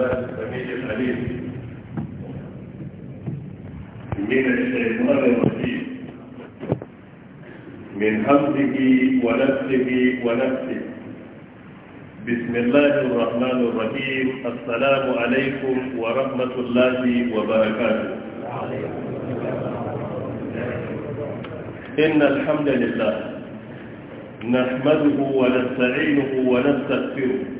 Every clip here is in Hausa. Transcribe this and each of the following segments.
الله السميع العليم من الشيطان الرجيم من حمده ونفسه ونفسه بسم الله الرحمن الرحيم السلام عليكم ورحمة الله وبركاته إن الحمد لله نحمده ونستعينه ونستغفره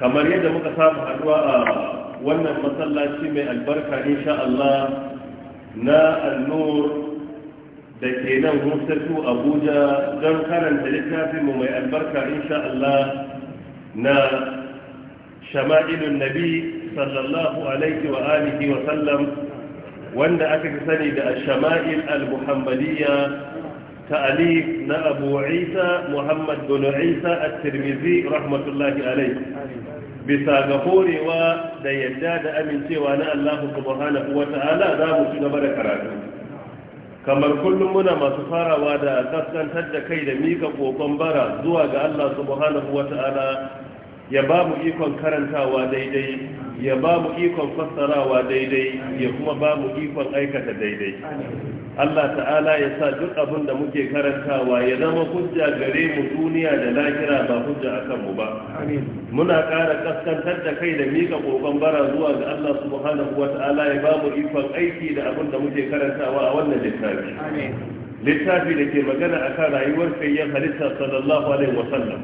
kamar yadda muka samu haduwa a wannan masallaci mai albarka insha Allah na annur da ke nan hussatu abuja don karanta littafinmu mai albarka insha Allah na shama'ilun nabi sallallahu alaihi wa alihi wa sallam wanda aka sani da shama'il al-muhammadiyya Ta na تأليف نأبو عيسى محمد بن عيسى الترمذي رحمة الله da بساقفور وديجاد أمن سوانا الله سبحانه وتعالى ذا مسجد كراته kamar kullum muna masu farawa da kaskantar da kai da mika kokon bara zuwa ga Allah subhanahu wata'ala ya ba mu ikon karantawa daidai ya ba mu ikon fassarawa daidai ya kuma ba mu ikon aikata daidai Allah ta'ala ya sa duk abin da muke karantawa ya zama hujja gare mu duniya da lahira ba hujja akan mu ba muna ƙara kaskantar da kai da mika kokon bara zuwa ga Allah subhanahu wata'ala ya ba mu ikon aiki da abin da muke karantawa a wannan littafi littafi da ke magana a akan rayuwar fayyan halitta sallallahu alaihi sallam.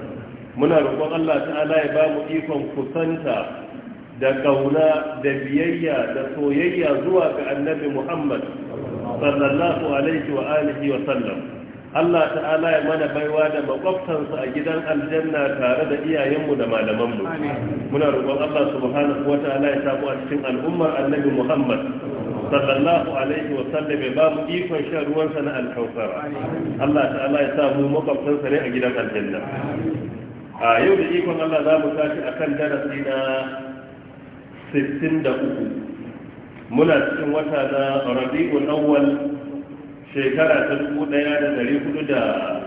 muna roƙon Allah ta'ala ya ba mu ikon kusanta da ƙauna da biyayya da soyayya zuwa ga annabi Muhammad sallallahu alaihi wa alihi wa sallam Allah ta'ala ya mana baiwa da makwabtansa a gidan aljanna tare da iyayenmu da malamanmu muna roƙon Allah subhanahu wa ta'ala ya samu a cikin al'ummar annabi Muhammad sallallahu alaihi wa sallam ya ba mu ikon shan sa na alkausara Allah ta'ala ya samu makwabtansa ne a gidan aljanna a yau da ikon Allah za mu tashi akan darasi na 63 muna cikin wata na rabi'ul awwal shekara ta dubu ɗaya da dari hudu da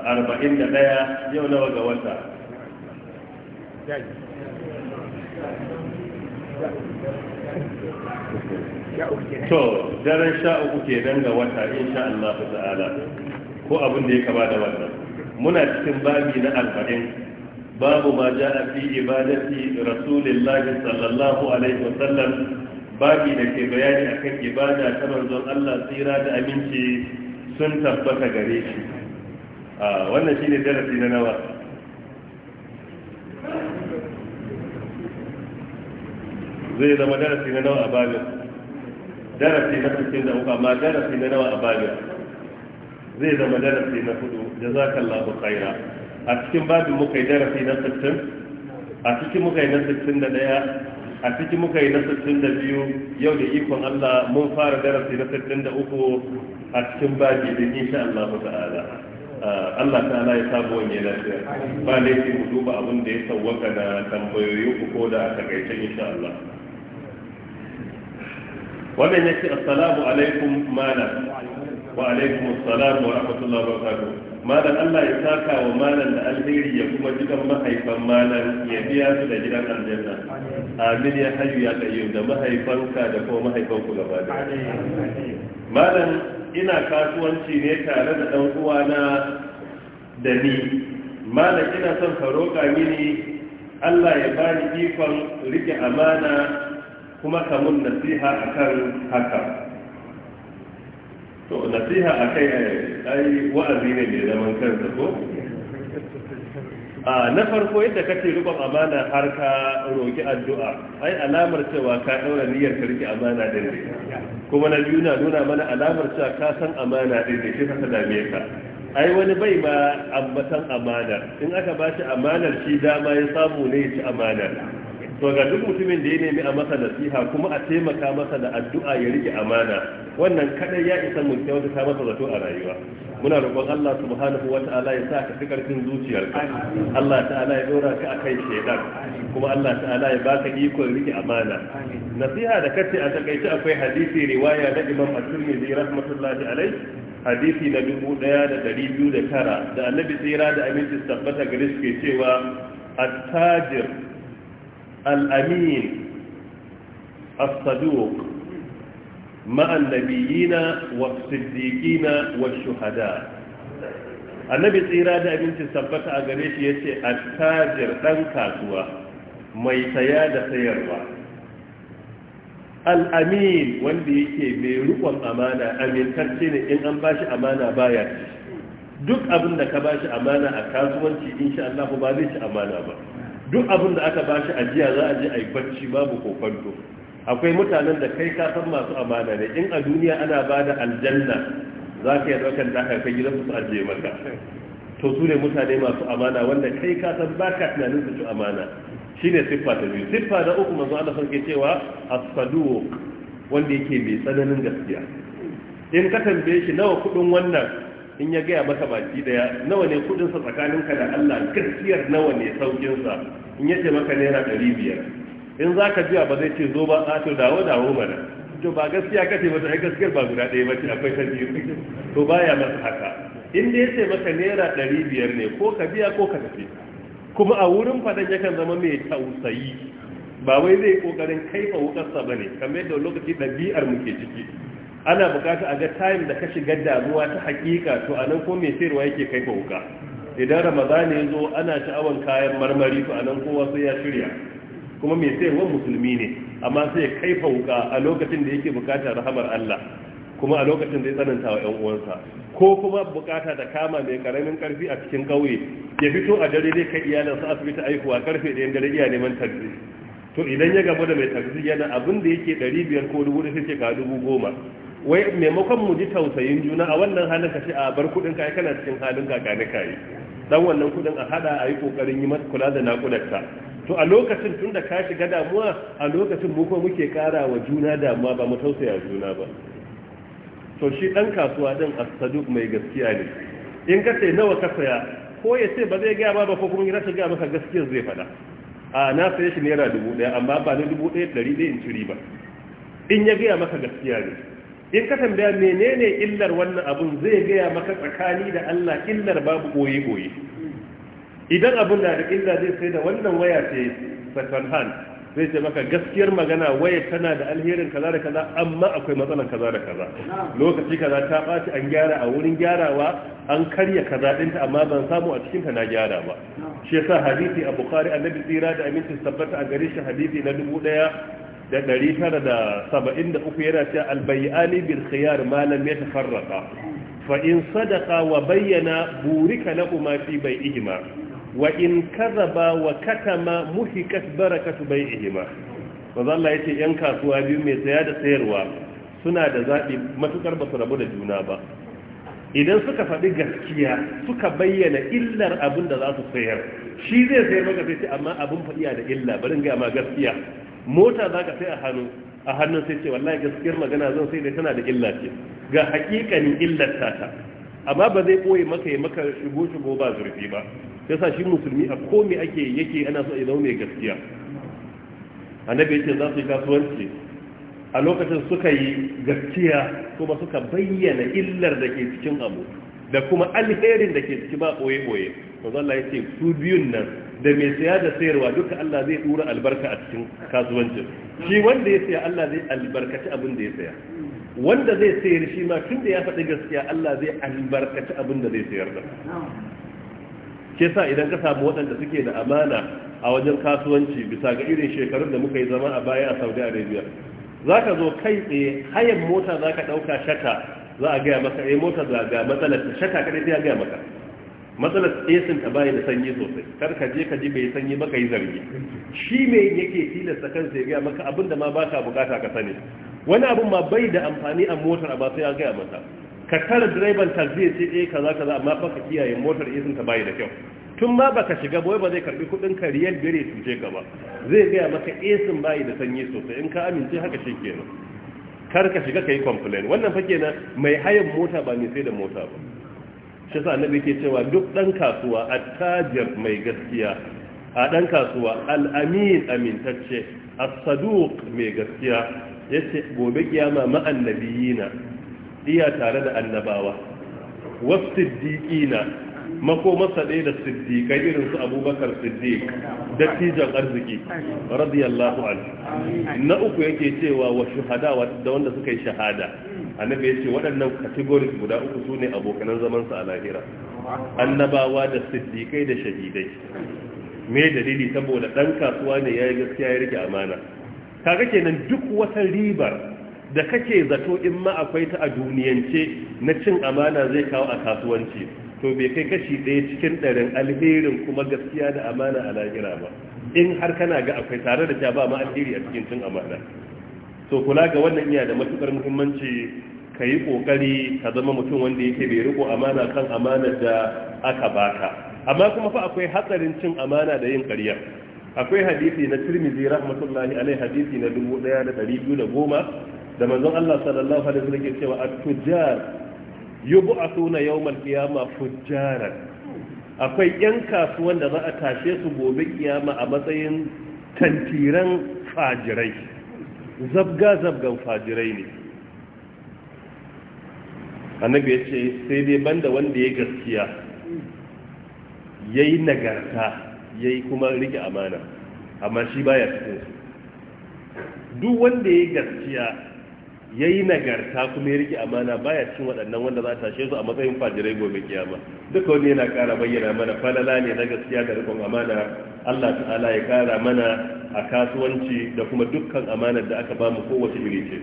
arba'in da ɗaya yau nawa ga wata to daren sha uku nan ga wata insha Allah ta'ala ko abin da ya kama da wannan muna cikin babi na arba'in babu ma ja'a fi ibadati rasulillahi sallallahu alaihi wasallam babi da ke bayani akan ibada ta manzon Allah tsira da aminci sun tabbata gare shi a wannan shine darasi na nawa zai zama darasi na nawa a babin darasi na cikin da uku amma darasi na nawa a babin zai zama darasi na hudu labu kaira a cikin babin muka yi darasi na 60 a cikin muka yi na 61 a ciki muka yi na 62 yau da ikon Allah mun fara darasi na 63 a cikin babi din insha Allah ta'ala Allah ta'ala ya sabu wani lafiya ba laifi mu duba abin da ya sauwaka da tambayoyi ku ko da takaice insha Allah wannan yake assalamu alaikum malam wa alaikum assalam wa rahmatullahi wa barakatuh malam Allah ya saka wa malam da alheri ya kuma gidan mahaifan malam ya biya su da gidan aljanna amin ya hayu ya kayyum da mahaifanka da kuma mahaifanku gaba da malam ina kasuwanci ne tare da dan uwana da ni malam ina son ka roƙa mini Allah ya bani ikon rike amana kuma ka mun nasiha akan haka to nasiha a kai ai wa'azi ne mai zaman kansa ko a na farko yadda kake rikon amana har ka roki addu'a ai alamar cewa ka daura niyyar ka rike amana din ne kuma na biyu na nuna mana alamar cewa ka san amana din ne shi ka dame ka ai wani bai ma ambatan amana in aka ba shi amanar shi dama ya samu ne ya ci amanar to ga duk mutumin da ya nemi a masa nasiha kuma a taimaka masa da addu'a ya rike amana wannan kadai ya isa mun kyauta ta masa zato a rayuwa muna roƙon Allah subhanahu wata'ala ya sa ka fi karfin zuciyarka Allah ta'ala ya dora ka akan shedan kuma Allah ta'ala ya baka ikon rike amana nasiha da kace a takaice akwai hadisi riwaya na Imam At-Tirmidhi rahmatullahi alayh hadisi na dubu daya da dari biyu da da tara annabi tsira da aminci tabbata gariske ke cewa attajir الأمين الصدوق مع النبيين والصديقين والشهداء annabi tsira da abincin sabbata a gare shi ya ce attajir ɗan kasuwa mai saya da sayarwa al'amin wanda yake mai rikon amana amintacce ne in an bashi amana baya ci duk abin da ka bashi amana a kasuwanci insha Allah ba zai ci amana ba duk abin da aka bashi ajiya za a je a yi bacci babu kofanto akwai mutanen da kai ka san masu amana ne in a duniya ana ba da aljanna za ka yi ɗaukar da aka kai gidan su ajiye maka to su ne mutane masu amana wanda kai ka san ba ka tunanin su ci amana shine siffa ta biyu siffa na uku manzo Allah sarki cewa asfadu wanda yake mai tsananin gaskiya in ka tambaye shi nawa kuɗin wannan in ya gaya maka baki daya nawa ne tsakanin tsakaninka da Allah gaskiyar nawa ne saukinsa in yace ce maka naira ɗari biyar in zaka biya ba zai ce zo ba a to dawo dawo mana to ba gaskiya kace ba sai gaskiyar ba guda ɗaya ba ce akwai sanji biyu to baya masa haka in da yace ce maka naira ɗari biyar ne ko ka biya ko ka tafi kuma a wurin fadan yakan zama mai tausayi ba wai zai kokarin kaifa wukar ba ne kamar yadda lokaci ɗabi'ar muke ciki ana bukata a ga time da ka shiga damuwa ta hakika to a nan ko mai sayarwa yake kai ka wuka idan ramadan ya zo ana sha'awan kayan marmari to a nan kowa sai ya shirya kuma mai sayarwa musulmi ne amma sai ya kai wuka a lokacin da yake bukata rahamar Allah kuma a lokacin ya tsananta wa ‘yan uwansa ko kuma bukata da kama mai karamin karfi a cikin kauye ya fito a dare dai kai iyalansa asibiti aihuwa karfe ɗayan dare iya neman taxi to idan ya gaba da mai taxi yana abin da yake ɗari biyar ko dubu da ce ka dubu wai maimakon mu ji tausayin juna a wannan halin ka ce a bar kuɗin ka kana cikin halin kakani ka yi dan wannan kuɗin a hada a yi kokarin yi masa kula da nakudarta to a lokacin tunda ka shiga damuwa a lokacin mu ko muke kara wa juna damuwa ba mu tausaya juna ba to shi dan kasuwa din as mai gaskiya ne in ka ce nawa ka saya ko ya ce ba zai gaya ba ba ko kuma ya shiga maka gaskiyar zai faɗa a na saye shi naira dubu ɗaya amma ba ni dubu ɗaya ɗari ɗaya in ciri ba. in ya gaya maka gaskiya ne in ka tambaya menene illar wannan abun zai gaya maka tsakani da Allah illar babu boye boye idan abun da da illa zai sai da wannan waya ce second hand zai ce maka gaskiyar magana waya tana da alherin kaza da kaza amma akwai matsalan kaza da kaza lokaci kaza ta ɓaci an gyara a wurin gyarawa an karya kaza ɗinta amma ban samu a cikinta na gyara ba shi yasa hadisi a bukhari annabi tsira da aminci tabbata a gare shi hadisi na dubu ɗaya da ɗari tara da saba'in da uku yana cewa albayyani bil khiyar malam ya tafarraka fa in sadaka wa bayyana burika na kuma fi bai ihima wa in kazaba wa katama muhikat barakatu bai ihima maza Allah ya ce yan kasuwa biyu mai saya da sayarwa suna da zaɓi matukar ba su rabu da juna ba idan suka faɗi gaskiya suka bayyana illar abin da za su sayar shi zai sayar maka sai amma abin faɗiya da illa barin gaya ma gaskiya mota za ka sai a hannu a hannu sai ce wallahi gaskiyar magana zan sai dai tana da illa ce ga hakikanin illar ta amma ba zai ɓoye maka ya maka shigo shigo ba zurfi ba sa shi musulmi a komai ake yake ana so ya zama mai gaskiya annabi yace za su yi kasuwanci a lokacin suka yi gaskiya kuma suka bayyana illar da ke cikin abu da kuma alherin da ke ciki ba boye-boye to Allah yace su biyun nan da mai saya da sayarwa duka Allah zai dura albarka a cikin kasuwancin shi wanda ya saya Allah zai albarkaci abin da ya saya wanda zai sayar shi ma tun da ya faɗi gaskiya Allah zai albarkaci abin da zai sayar da ke sa idan ka samu waɗanda suke da amana a wajen kasuwanci bisa ga irin shekarun da muka yi zama a baya a saudi arabia za ka zo kai tsaye hayan mota za ka ɗauka shata za a gaya maka eh mota za ga matsalar shata kaɗai sai a gaya maka matsalar tsesin ta bayi da sanyi sosai kar ka je ka ji bai sanyi ba ka yi zargi shi me yake tilasta kansa ya gaya maka abin da ma baka bukata ka sani wani abin ma bai da amfani a motar a ba ya gaya mata ka tara direban zai ce eh kaza kaza amma fa ka kiyaye motar isin ta bayi da kyau tun ma baka shiga boye ba zai karbi kudin ka riyal bere su ka gaba. zai gaya maka isin bayi da sanyi sosai in ka amince haka shi kenan kar ka shiga ka yi complain wannan fa kenan mai hayan mota ba mai sai da mota ba shi sa annabi ke cewa duk dan kasuwa attajir mai gaskiya a dan kasuwa al-amin amintacce as-saduq mai gaskiya yace gobe kiyama ma annabiyina iya tare da annabawa was-siddiqina masa ɗaya da siddiƙai irin su abubakar siddiq dattijan arziki radiyallahu anhu na uku yake cewa wa shuhada da wanda suka yi shahada annabi ya ce waɗannan categories guda uku su ne abokanan zamansa a lahira annabawa da siddiƙai da shahidai me dalili saboda ɗan kasuwa ne ya yi gaskiya ya rike amana kaga kenan duk wata ribar da kake zato in ma akwai ta a duniyance na cin amana zai kawo a kasuwanci to bai kai kashi ɗaya cikin ɗarin alherin kuma gaskiya da amana a lahira ba in har kana ga akwai tare da ta ba ma alheri a cikin cin amana to kula ga wannan iya da matukar muhimmanci ka yi ƙoƙari ka zama mutum wanda yake bai riko amana kan amana da aka baka amma kuma fa akwai hatsarin cin amana da yin ƙarya akwai hadisi na tirmidhi rahmatullahi alaihi hadisi na 1210 da manzon Allah sallallahu alaihi wasallam yake cewa at-tujjar yub'athuna yawm al-qiyama fujjaran akwai yan kasuwan da za a tashe su gobe kiyama a matsayin tantiran fajirai zabga zabgan fajirai ne annabi ya ce sai dai banda wanda ya gaskiya ya yi nagarta ya yi kuma rike amana amma shi baya cikin duk wanda ya gaskiya ya yi nagarta kuma ya rike amana baya cin waɗannan wanda za a tashe su a matsayin fajirai gobe kiyama duka wani yana ƙara bayyana mana falala ne na gaskiya da rikon amana Allah ta'ala ya ƙara mana a kasuwanci da kuma dukkan amanar da aka ba mu kowace iri ce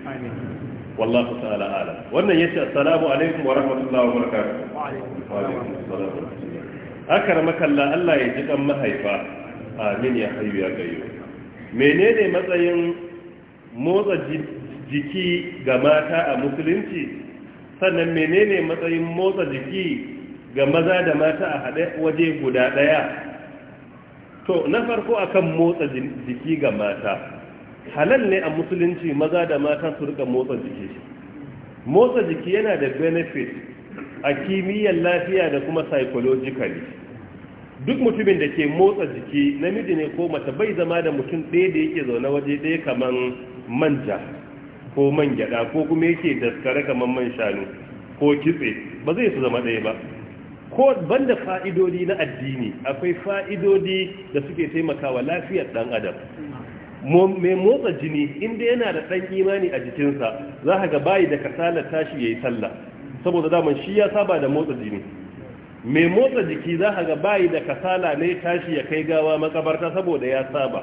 wallahu ta'ala ala wannan yace assalamu alaikum wa rahmatullahi wa barakatuh wa alaikum assalam akramaka Allah Allah ya ji kan mahaifa amin ya hayyu ya gayyu menene matsayin motsa jiki ga mata a musulunci sannan menene matsayin motsa jiki ga maza da mata a haɗe waje guda ɗaya to na farko akan motsa jiki ga mata halal ne a musulunci maza da mata su rika motsa jiki motsa jiki yana da benefit a kimiyyar lafiya da kuma psychologically duk mutumin da ke motsa jiki namiji ne ko mace bai zama da mutum ɗaya da yake zaune waje ɗaya kamar manja ko man gyada ko kuma yake daskare kamar man shanu ko kitse ba zai su zama ɗaya ba ko banda fa'idodi na addini akwai fa'idodi da suke taimakawa lafiyar ɗan adam mai motsa jini inda yana da ɗan imani a jikinsa za ka ga bayi da kasalar tashi ya yi sallah saboda daman shi ya saba da motsa jini mai motsa jiki za ka ga bayi da kasala ne tashi ya kai gawa makabarta saboda ya saba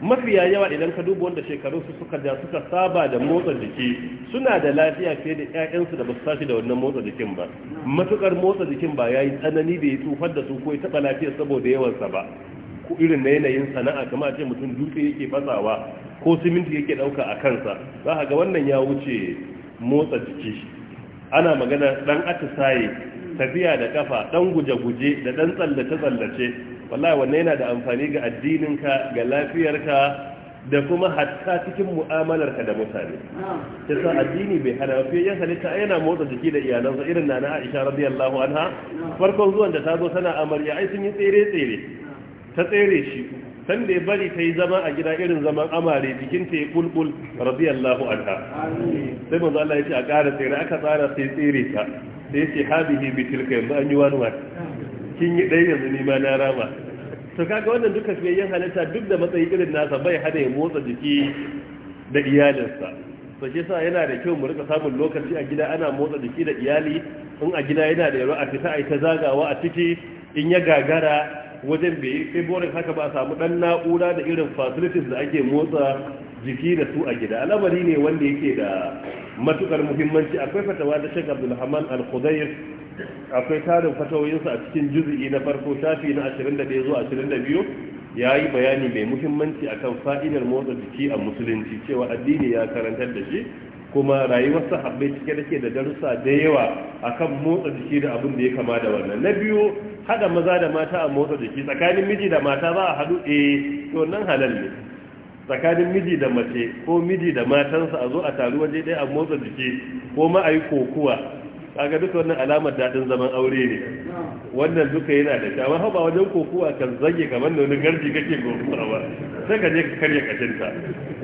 mafiya yawa idan ka duba wanda shekaru su suka ja suka saba da motsa jiki suna da lafiya fiye da ƴaƴansu da ba su tashi da wannan motsa jikin ba matukar motsa jikin ba yayi tsanani da ya tsufar da su ko ya taɓa lafiya saboda yawansa ba ko irin na yanayin sana'a kamar ce mutum dutse yake fasawa ko siminti yake dauka a kansa za a ga wannan ya wuce motsa jiki ana magana dan atisaye tafiya da kafa dan guje-guje da dan tsallace-tsallace wallahi wannan yana da amfani ga addininka ga lafiyarka da kuma hatta cikin mu'amalarka da mutane ta sa addini bai hana mafi yan halitta yana motsa jiki da iyalansa irin na na aisha radiyallahu anha farkon zuwan da ta zo tana amarya ai sun yi tsere-tsere ta tsere shi da ya bari ta yi zama a gida irin zaman amare jikinta ya bulbul radiyallahu anha sai manzo Allah ya ce a ƙara tsere aka tsara sai tsere ta sai ya ce bi tilka yanzu an yi wani wani kin yi ɗaya yanzu ni ma na rama to kaga wannan duka fiyayyen halitta duk da matsayi irin nasa bai hada ya motsa jiki da iyalinsa to shi yasa yana da kyau mu rika samun lokaci a gida ana motsa jiki da iyali in a gida yana da yaro a fita a ta zagawa a ciki in ya gagara wajen bai kai borin haka ba a samu dan na'ura da irin facilities da ake motsa jiki da su a gida al'amari ne wanda yake da matukar muhimmanci akwai fatawa da shek abdulhaman al-khudair akwai tarin fatawoyinsa a cikin juzi'i na farko shafi na 21 zuwa 22 ya yi bayani mai muhimmanci akan fa'idar motsa jiki a musulunci cewa addini ya karantar da shi kuma rayuwar sahabbai cike take da darussa da yawa akan motsa jiki da abin da ya kama da wannan na biyu hada maza da mata a motsa jiki tsakanin miji da mata za a hadu eh to nan halal ne tsakanin miji da mace ko miji da matansa a zo a taru waje ɗaya a motsa jiki ko ma a yi kokuwa kaga duk wannan alamar dadin zaman aure ne wannan duka yana da kyawun haba wajen kokowa kan zage kamar da wani garji kake kokowa sai ka je ka karya kashinta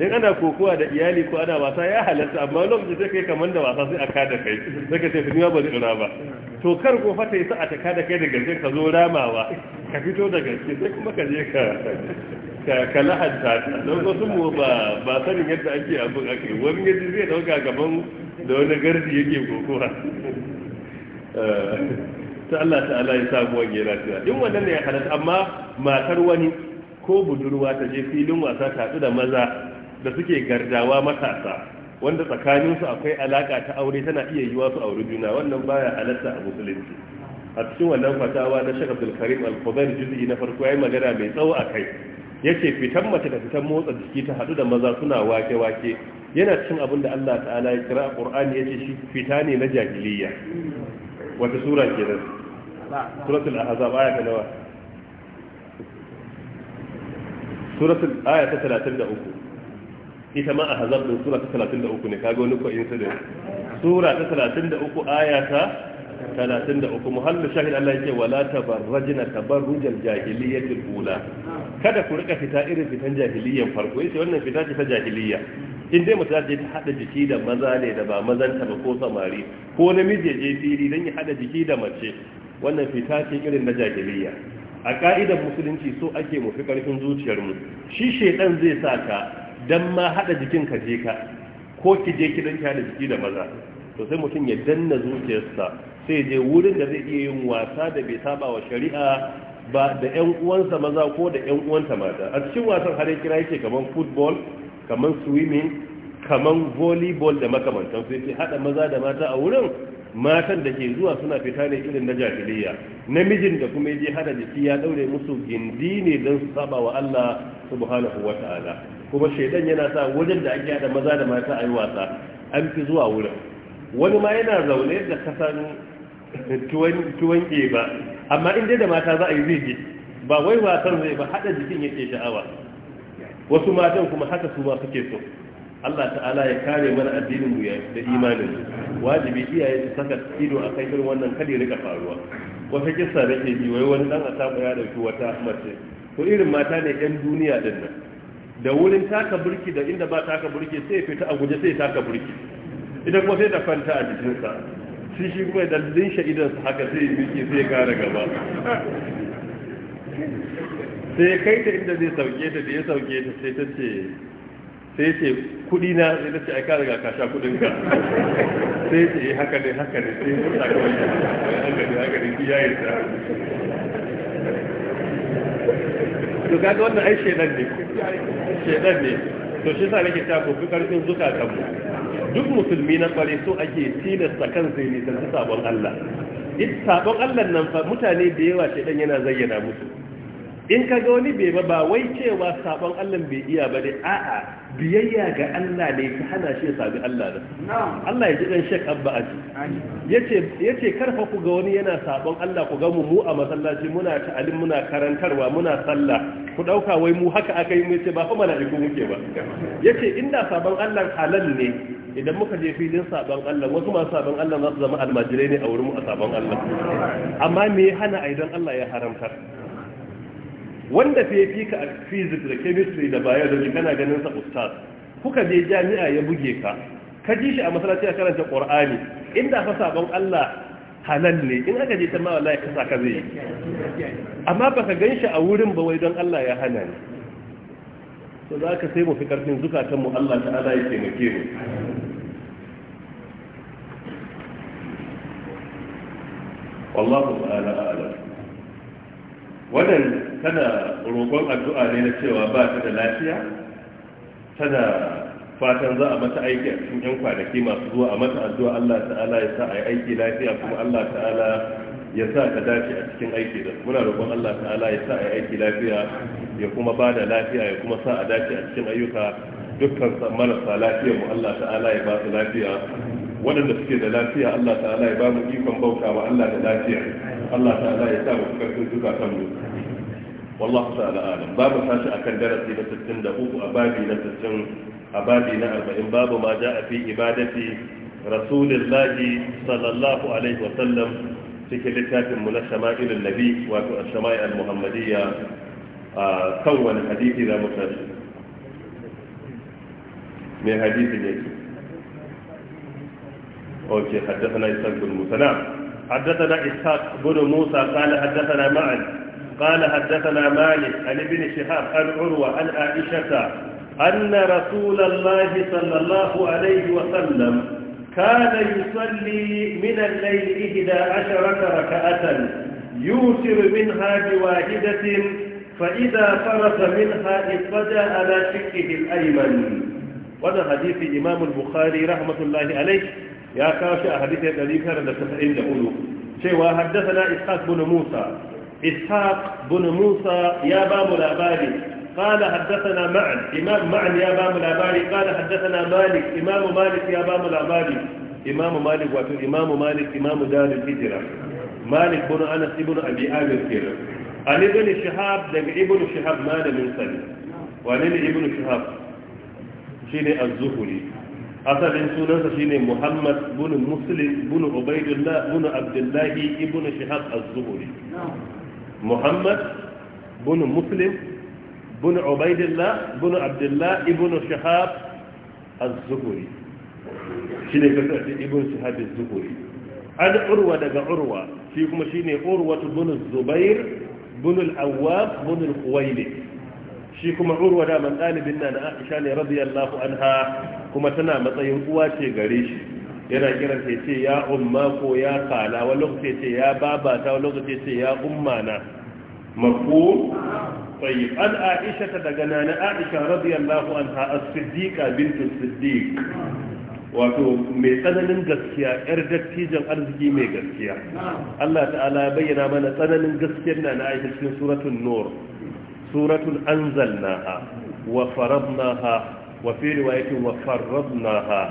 in ana kokowa da iyali ko ana wasa ya halatta amma lokaci sai kai kamar da wasa sai a kada kai sai ka ce ni ba zai ba to kar ko fata yasa a taka da kai da gaske ka zo ramawa ka fito da gaske sai kuma ka je ka ka lahanta don wasu mu ba sanin yadda ake abin ake wani yaji zai dauka gaban da wani gardi yake kokowa eh, ta Allah ta'ala ya samu wange cewa in wannan ne ya halatta amma matar wani ko budurwa ta je filin wasa ta da maza da suke gardawa matasa wanda tsakaninsu akwai alaka ta aure tana iya yi wasu aure juna wannan baya halatta a musulunci a cikin wannan fatawa na Sheikh Abdul Karim al na farko ya yi magana mai tsawo a Ya yace fitan mace da fitan motsa jiki ta hadu da maza suna wake wake yana cin abin da Allah ta'ala ya kira Qur'ani yace shi fita ne na jahiliya wata sura ke nan suratul ahzab aya ta nawa suratul aya ta 33 ita ma ahzab din sura ta 33 ne kaga wani ko da sura ta 33 aya ta 33 muhallu shahid Allah yake wala tabarrajna tabarrujal jahiliyatil ula kada ku rika fita irin fitan jahiliyyar farko yace wannan fita ce ta jahiliyya in dai mutum je hada jiki da maza ne da ba mazanta ba ko samari ko namiji ya je fili don ya haɗa jiki da mace wannan fita ce irin na jahiliya a ka'idar musulunci so ake mu fi zuciyar mu shi ɗan zai sa ka dan ma haɗa jikin ka je ka ko ki je ki dan ki haɗa jiki da maza to sai mutum ya danna zuciyarsa sai je wurin da zai iya yin wasa da bai saba wa shari'a ba da 'yan uwansa maza ko da 'yan uwanta mata a cikin wasan har ya kira yake kamar football kaman swimming kaman volleyball da makamantan sai Haɗa hada maza da mata a wurin matan da ke zuwa suna fita ne irin na jahiliya namijin da kuma yaje hada jiki ya daure musu gindi ne don su saba wa Allah subhanahu wataala kuma shaidan yana sa wajen da ake hada maza da mata a yi wasa an fi zuwa wurin wani ma yana zaune da kasan tuwon ba amma in dai da mata za a yi zai ba wai wasan zai ba hada jikin yake sha'awa wasu matan kuma haka su ma suke so Allah ta'ala ya kare mana addinin mu da imanin mu wajibi iyaye su saka ido a kan irin wannan kada ya rika faruwa wata kissa da ke ji wai wani dan asaba ya dauki wata mace to irin mata ne yan duniya din nan da wurin taka burki da inda ba taka burki sai ya fita a guje sai ya taka burki idan kuma sai ta kwanta a jikinsa shi shi kuma da linshe idansa haka sai ya miƙe sai ya kara gaba sai kai ta inda zai sauke ta da ya sauke ta sai ta ce sai ce kudi na sai ta ce aika ka kasha kudin ka sai ce yi eh, haka ne haka ne sai ta ka ya haka ne haka ne ki yayi ta to kaga wannan ai shedan ne shedan ne to shi sa nake ta ko fi karfin zukatan mu duk musulmi na kware so ake tilasta kan zai nisanci sabon Allah duk sabon Allah nan fa mutane da yawa shedan yana zayyana musu in ka ga wani bai ba wai cewa sabon Allah bai iya ba ne a'a biyayya ga Allah ne ta hana shi ya sabi Allah da Allah ya ji dan Sheikh Abba Aji yace yace karfa ku ga wani yana sabon Allah ku ga mu mu a masallaci muna alim muna karantarwa muna sallah ku dauka wai mu haka aka yi mu yace ba fa mala'iku muke ba yace inda sabon Allah halal ne idan muka je filin sabon Allah wasu masu sabon Allah za su zama almajirai ne a wurin mu a sabon Allah amma me ya hana a idan Allah ya haramta wanda fiye fi ka a physics da chemistry da biology kana ganin sa ustaz kuka je jami'a ya buge ka ka ji shi a masallaci a karanta qur'ani inda fa sabon Allah halal ne in aka je can ma wallahi ka saka zai amma baka ganshi a wurin ba wai don Allah ya hana ni to za ka sai mu fi karfin zukatan mu Allah ta'ala ya taimake mu wallahu ta'ala a'lam wannan tana roƙon addu'a ne na cewa ba ta da lafiya tana fatan za a mata aiki a cikin yan kwanaki masu zuwa a mata addu'a Allah ta'ala ya sa a yi aiki lafiya kuma Allah ta'ala ya sa ta dace a cikin aiki da muna roƙon Allah ta'ala ya sa a yi aiki lafiya ya kuma ba da lafiya ya kuma sa a dace a cikin ayyuka dukkan marasa lafiya mu Allah ta'ala ya ba su lafiya waɗanda suke da lafiya Allah ta'ala ya ba mu ikon bauta wa Allah da lafiya Allah ta'ala ya sa mu karfin zukatan mu wallahu ta'ala alam babu tashi akan darasi na 63 a babi na 60 a babi na 40 babu ma ja a fi ibadati rasulillahi sallallahu alaihi wa sallam cikin littafin mu na shama'ilun nabi wato ash-shama'il muhammadiyya a kan wani hadisi za mu tashi mai hadisi ne أوكي حدثنا إسحاق بن موسى نعم حدثنا إسحاق بن موسى قال حدثنا معن قال حدثنا مالك عن ابن شهاب عن عروة عن عائشة أن رسول الله صلى الله عليه وسلم كان يصلي من الليل إحدى عشرة ركعة يوتر منها بواحدة فإذا فرغ منها اضطجع على شقه الأيمن وهذا حديث إمام البخاري رحمة الله عليه ya kawo shi a hadisi 994 cewa haddathana ishaq bin musa ishaq bin musa ya ba mu labari قال حدثنا معن إمام معن يا بام العباري قال حدثنا مالك إمام مالك يا بام العباري إمام مالك وفي إمام مالك إمام دار الهجرة مالك بن أنس بن أبي آمر كيرا عن ابن شهاب دق ابن شهاب مال من سنة وعن ابن شهاب شيني الزهري asalin sunansa shine muhammad bin muslim bin ubaidullah bin abdullahi ibn shihab az-zuhri muhammad bin muslim bin ubaidullah bin abdullah ibn shihab az-zuhri shine kasa ibn shihab az-zuhri ad urwa daga urwa shi kuma shine urwa bin zubair bin al-awwab bin al-khuwailid shi kuma urwa da ɗalibin na na aisha ne radiyallahu anha kuma tana matsayin uwa ce gare shi yana kiran ta ce ya umma ko ya kala wani lokaci ce ya baba ta wani lokaci ce ya umma na mafu tsayi an aisha ta daga na na aisha radiyallahu anha as-siddiqa bintu siddiq wato mai tsananin gaskiya yar dattijan arziki mai gaskiya Allah ta'ala bayyana mana tsananin gaskiyar na na aisha cikin suratul nur suratun anzalnaha wa faradnaha wa fi riwayatin wa faradnaha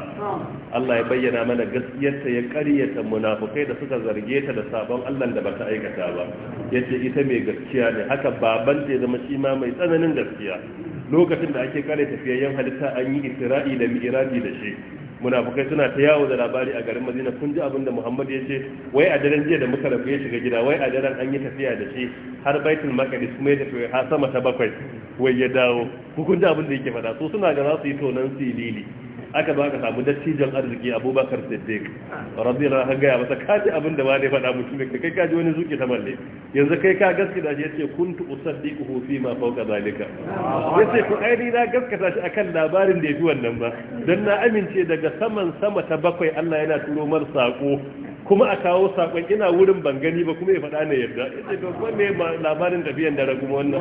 Allah ya bayyana mana gaskiyarta ya ƙaryata munafukai da suka zarge ta da sabon Allah da bata aikata ba yace ita mai gaskiya ne haka baban ta zama shi ma mai tsananin gaskiya lokacin da ake kare tafiyayyen halitta an yi isra'i da mi'raji da shi munafukai suna ta yawo da labari a garin madina kun ji abinda da muhammad ya ce wai a daren jiya da muka rabu ya shiga gida wai a daren an yi tafiya da shi har baitul maqdis kuma ya tafi har sama ta bakwai wai ya dawo ku kun ji abin da yake faɗa so suna ga za su yi tonan silili aka zo aka samu dattijan arziki abubakar siddiq radiyallahu anhu gaya masa kaji abin da ba dai faɗa mutum ne kai kaji wani zuki ta balle yanzu kai ka gaskata shi yace kuntu usaddiquhu fi ma fawqa zalika yace ku aini na gaskata shi akan labarin da yafi wannan ba dan na amince daga saman sama ta bakwai Allah yana turo mar sako kuma a kawo sakon ina wurin ban gani ba kuma ya faɗa ne yadda yace to kuma labarin tafiyan da ragu wannan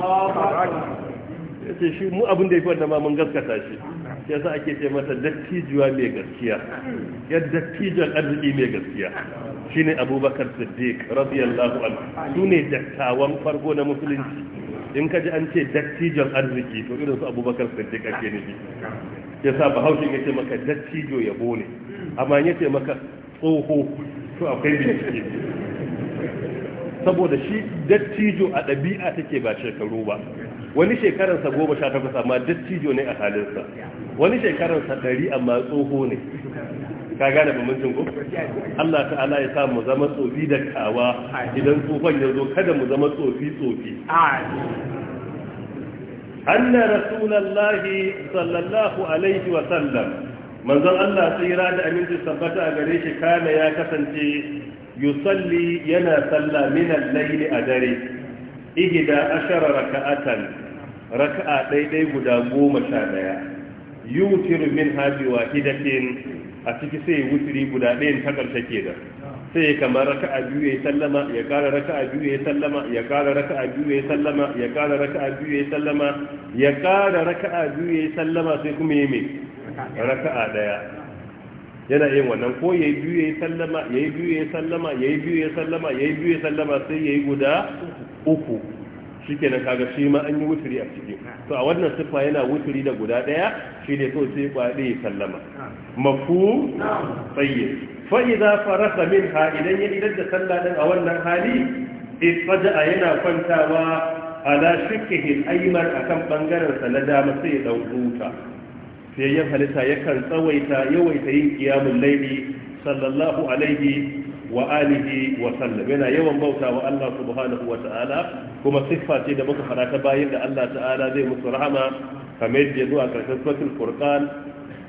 ya ce shi mu abin da ya fi wanda ma mun gaskata shi ya sa ake ce mata dattijuwa mai gaskiya yadda dattijan arziki mai gaskiya shine ne abubakar siddiq radiyallahu an su ne dattawan farko na musulunci in ka ji an ce dattijan arziki to irin su abubakar siddiq ake nufi ya sa bahaushin ya ce maka dattijo yabo ne amma ya ce maka tsoho to akwai bincike saboda shi dattijo a ɗabi'a take ba shekaru ba wani sa goma sha takwas amma dattijo ne a halinsa wani sa ɗari amma tsoho ne ka gane bambancin ko Allah ta'ala ya sa mu zama tsofi da kawa idan tsofan ya zo kada mu zama tsofi tsofi anna rasulullahi sallallahu alaihi wa sallam manzon Allah tsira da aminci sabbata a gare shi kana ya kasance yusalli yana sallah min al-layli a dare ihida ashara raka'atan raka'a daidai guda goma sha daya yutiru min habi wahidatin a ciki sai wutiri guda ɗayan ta ke da. sai ya kamar raka'a biyu ya sallama ya ƙara raka'a biyu ya sallama ya ƙara raka'a biyu ya sallama ya ƙara raka'a biyu ya sallama ya ƙara raka'a biyu ya sallama sai kuma ya me raka'a daya yana yin wannan ko yayi biyu ya sallama yayi biyu ya sallama yayi biyu ya sallama yayi biyu ya sallama sai yayi guda uku shi kenan kaga shi ma an yi wuturi a ciki to a wannan siffa yana wuturi da guda ɗaya, shi ne so sai kwaɗe ya sallama mafu tsaye fa'iza farasa min ha idan ya idan da sallah a wannan hali a yana kwantawa ala shirkihin aymar akan bangaren sa na dama sai ya dan huta sai ya halitta yakan tsawaita yawaita yin qiyamul layli sallallahu alaihi wa alihi wa sallam yana yawan bauta wa Allah subhanahu wa ta'ala kuma siffa ce da muka fara ta bayin da Allah ta'ala zai musu rahama kamar yadda zuwa karshen suratul furqan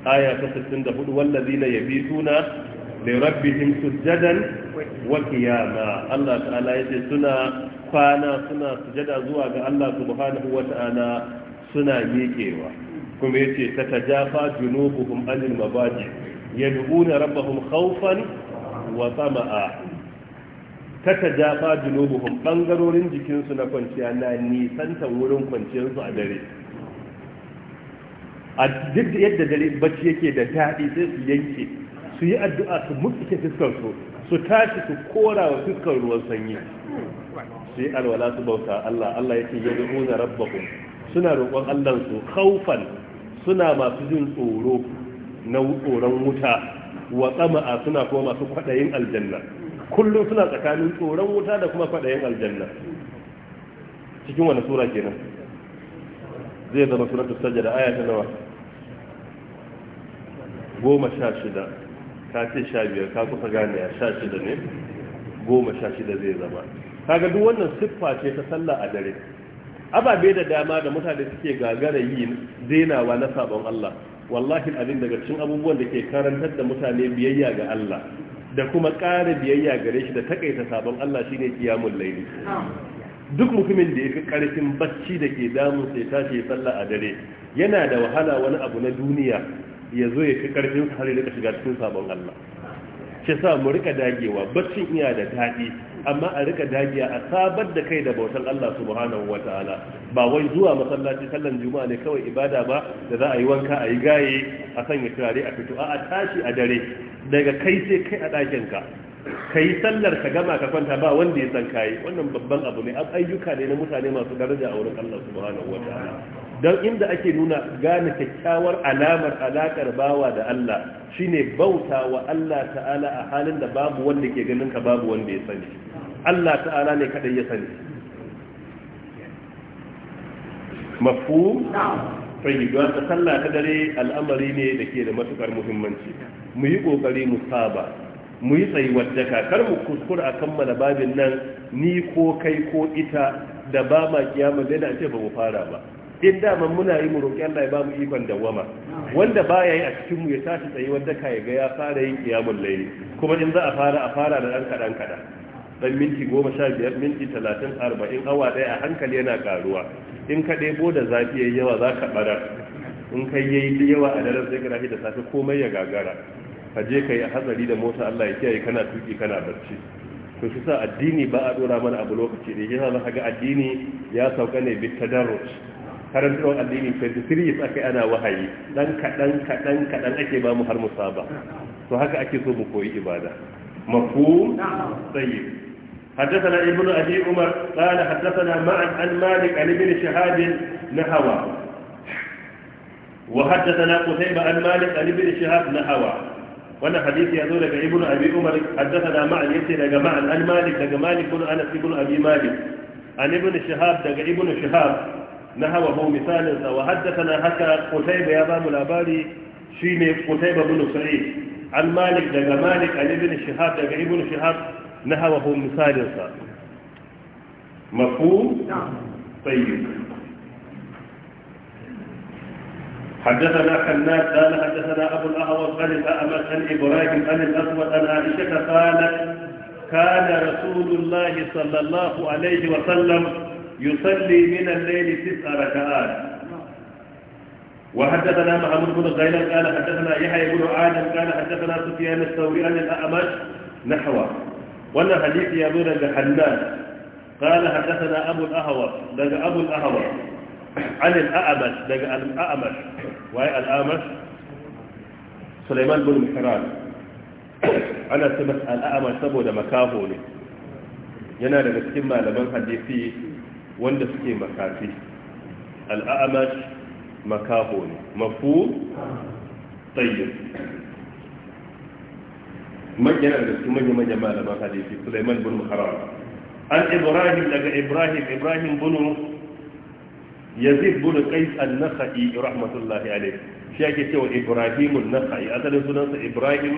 aya ta 64 wallazina yabituna li rabbihim sujadan wa qiyama Allah ta'ala yace suna kwana suna sujada zuwa ga Allah subhanahu wa ta'ala suna miƙewa kuma yace tajafa junubuhum anil mabaji yad'una rabbahum khawfan wa tsama'a ta ta jafa junubuhum ɓangarorin jikinsu na kwanciya na nisantar wurin kwanciyarsu a dare a duk da yadda dare bacci yake da daɗi sai su yanke su yi addu'a su mutsuke fuskarsu su tashi su kora wa fuskar ruwan sanyi sai alwala su bauta Allah Allah yake ya da una suna roƙon Allah su khaufan suna masu jin tsoro na tsoron wuta wa tsama'a suna kuma masu kwaɗayin aljanna kullum suna tsakanin tsoron wuta da kuma kwaɗayin aljanna cikin wani sura kenan zai zama ta sajda aya ta nawa goma sha shida ka ce sha biyar ka kusa gane a sha shida ne goma sha shida zai zama kaga duk wannan siffa ce ta sallah a dare ababe da dama da mutane suke gagara yi denawa na sabon Allah wallahi abin daga cikin abubuwan da ke karantar da mutane biyayya ga Allah da kuma ƙara biyayya gare shi da takaita sabon Allah shine kiyamul layli duk mutumin da yake karfin bacci da ke damu sai tashi ya sallah a dare yana da wahala wani abu na duniya ya zo ya fi karfin har da shiga cikin sabon Allah shi sa mu rika dagewa baccin iya da daɗi amma a rika dagiya a sabar da kai da bautan Allah subhanahu wataala ba wai zuwa masallaci sallan juma'a ne kawai ibada ba da za a yi wanka a yi gaye a sanya turare a fito a tashi a dare daga kai sai kai a ɗakin ka kai sallar ka gama ka kwanta ba wanda ya san kai wannan babban abu ne ayyuka ne na mutane masu daraja a wurin Allah subhanahu wataala don inda ake nuna gane kyakkyawar alamar alakar bawa da Allah shine bauta wa Allah ta'ala a halin da babu wanda ke ganin ka babu wanda ya sani Allah ta'ala ne kadai ya sani fayi don ta sallah ta dare al'amari ne da ke da matukar muhimmanci mu yi kokari mu saba mu yi tsayuwar wadda kar mu kuskura a kammala babin nan ni ko kai ko ita da ba ma kiyama da ce ba mu fara ba duk dama muna yi mu roƙi Allah ya ba mu ikon dawwama wanda baya yi a cikin mu ya tashi tsaye wanda ka ga ya fara yin kiyamul layli kuma in za a fara a fara da ɗan kaɗan-kaɗan. dan minti 15 minti 30 40 awa ɗaya a hankali yana karuwa in ka ɗebo da zafi yayi yawa za ka barar in kai yayi yawa a daren sai ka da safe komai ya gagara ka je ka yi hatsari da mota Allah ya kiyaye kana tuki kana barci to shi sa addini ba a dora mana abu lokaci ne yasa za ga addini ya sauka ne bi tadarruj karantarwar addini 23 years aka ana wahayi dan kaɗan kaɗan kaɗan ake ba mu har musaba to haka ake so mu koyi ibada mafhum tayyib حدثنا ابن أبي عمر قال حدثنا معا عن مالك عن ابن شهاب نحوه وحدثنا قتيبة عن مالك عن ابن شهاب نحوه وانا حديث يقول لك ابن أبي عمر حدثنا معا يسي لك معا عن مالك لك مالك بن أنس ابن أبي مالك عن ابن شهاب لك ابن شهاب na hawa mu misalinsa. sa wa haddathana haka Kutaiba ya bamu labari shine Kutaiba bin sa'id an malik daga malik an ibn shihab daga ibn shihab na hawa mu misalinsa. mafhum tayyib حدثنا حناد قال حدثنا ابو الاهوص عن الاعمش عن ابراهيم عن الاسود عن عائشه قالت كان رسول الله صلى الله عليه وسلم يصلي من الليل تسع ركعات وحدثنا محمود بن غيلان قال حدثنا يحيى بن عادل قال حدثنا سفيان الثوري عن الأعمش نحوه وانا حديث يا بن الحناد قال حدثنا أبو الأهوى لقى أبو الأهوى عن الأعمش لقى الأعمش وهي الأعمش سليمان بن محران أنا سمعت الأعمش سبو لمكافوني yana daga مالا من حديثي wanda suke makafi al'amash makaho ne mafu tsayin manyan da su manyan manyan malaman hadisi Sulaiman bin Haram an Ibrahim daga Ibrahim Ibrahim bin Yazid bin Qais an-Nakhai rahmatullahi alayh shi ake cewa Ibrahim an-Nakhai asalin sunansa Ibrahim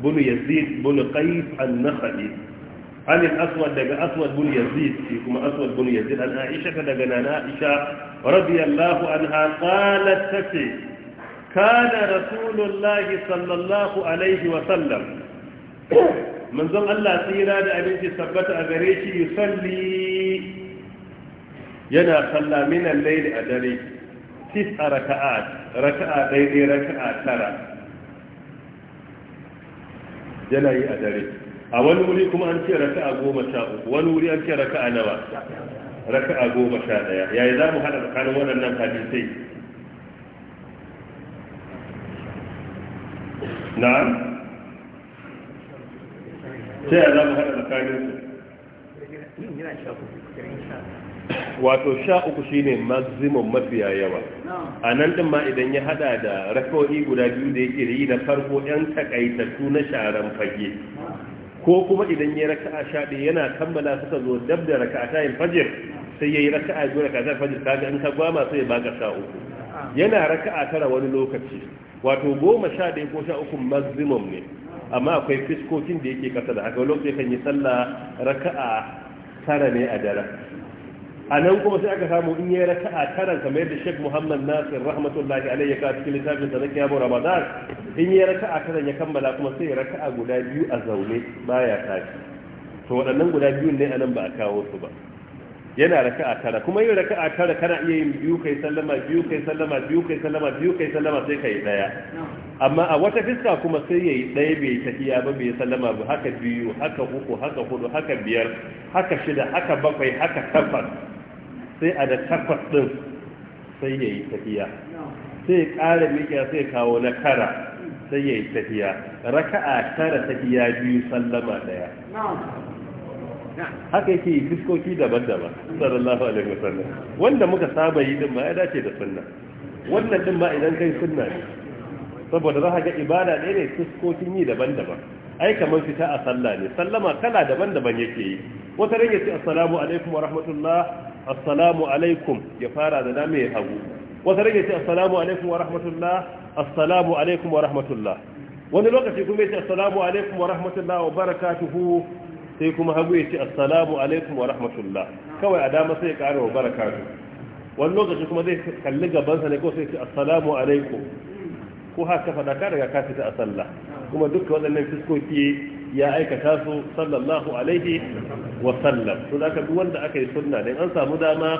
bin Yazid bin Qais an-Nakhai anil aswad daga aswad bin yazid shi kuma aswad bin yazid aisha daga nana aisha radiyallahu anha qalat tafi kana rasulullahi sallallahu alaihi wa sallam manzon Allah tsira da abinci sabbata a gare shi yusalli yana salla min al a dare tis a raka'a daidai raka'a tara yana yi a dare a wani wuri kuma an ce raka a goma sha uku wani wuri an ce raka a nawa raka a goma sha ɗaya yayi za mu haɗa tsakanin waɗannan hadisai na ta yaya za mu haɗa tsakanin wato sha uku shine maximum mafiya yawa a nan din ma idan ya hada da rakawai guda biyu da yake yi na farko yan takaitattu na sharan fage ko kuma idan ya raka'a sha yana kammala suka zo dab da raka'a ta yin fajir sai ya yi raka'a biyu raka'a ta fajir kaga in ka gwama sai ya baka sha uku yana raka'a tara wani lokaci wato goma sha ɗaya ko sha uku maximum ne amma akwai fiskokin da yake kasa da haka lokaci kan yi sallah raka'a tara ne a dare a nan kuma sai aka samu in raka raka'a karan kamar yadda Sheikh Muhammad Nasir rahmatullahi alaihi ya kawo cikin littafin da na Kiyamu Ramadan in raka raka'a karan ya kammala kuma sai raka'a guda biyu a zaune baya tashi to waɗannan guda biyu ne anan ba a kawo su ba yana raka'a tara kuma yin raka'a tara kana iya yin biyu kai sallama biyu kai sallama biyu kai sallama biyu kai sallama sai kai daya amma a wata fiska kuma sai yayi daya bai tafiya ba bai sallama ba haka biyu haka uku haka hudu haka biyar haka shida haka bakwai haka takwas sai a da takwas ɗin sai ya yi tafiya sai ƙara miƙa sai kawo na tara sai ya yi tafiya raka a tara tafiya biyu sallama ɗaya haka yake yi fiskoki daban-daban sallallahu alaihi wasallam wanda muka saba yi din ma ya dace da sunna wannan din ma idan kai sunna ne saboda za ka ga ibada ɗaya ne fiskokin yi daban-daban ai kamar fita a sallah ne sallama kala daban-daban yake yi wata rage ce assalamu alaikum wa rahmatullah assalamu alaikum ya fara da dame ya hagu wata rage ce assalamu alaikum wa rahmatullah assalamu alaikum wa rahmatullah wani lokaci kuma ya ce assalamu alaikum wa rahmatullah wa barakatuhu sai kuma hagu ya ce assalamu alaikum wa rahmatullah kawai a dama sai ya kare wa barakatu wani lokaci kuma zai kalli sa ne ko sai ce assalamu alaikum ko haka faɗa ka daga ka fita a sallah kuma duka waɗannan fiskoki ya aikata su sallallahu alaihi wa sallam to zaka duk wanda aka yi sunna dan an samu dama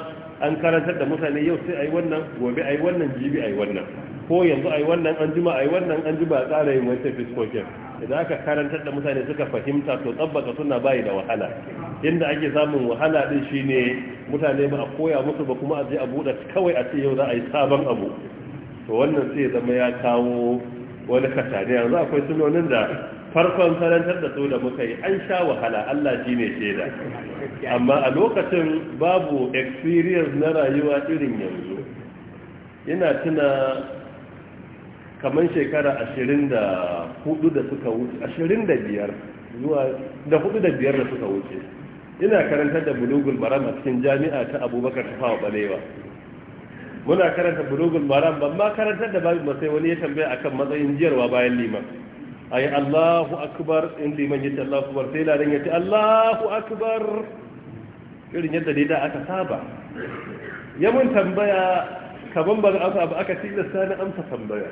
an karantar da mutane yau sai ayi wannan gobe ayi wannan jibi ayi wannan ko yanzu ayi wannan an jima ayi wannan an jima tsara yin wancan fiskokin idan aka karantar da mutane suka fahimta to tsabbaka suna bai da wahala inda ake samun wahala din shine mutane ba a koya musu ba kuma a je a buɗe kawai a ce yau za a yi sabon abu to wannan sai zama ya kawo wani katani yanzu akwai sunonin da farkon karantar da su da muka yi an sha wahala Allah shi ne shaida amma a lokacin babu experience na rayuwa irin yanzu ina tuna kamar shekara ashirin da hudu da suka wuce ashirin da biyar zuwa da hudu da biyar da suka wuce ina karantar da bulugul maram a cikin jami'a ta abubakar tafawa balewa muna karanta bulugul maram ban ma karantar da babu masai wani ya tambaya akan matsayin jiyarwa bayan liman a yi allahu akbar in yi ya ce allahu akbar sai ladan ya ce allahu akbar irin yadda dai da aka saba ya mun tambaya kaban ba aka ba aka tilasta na amsa tambaya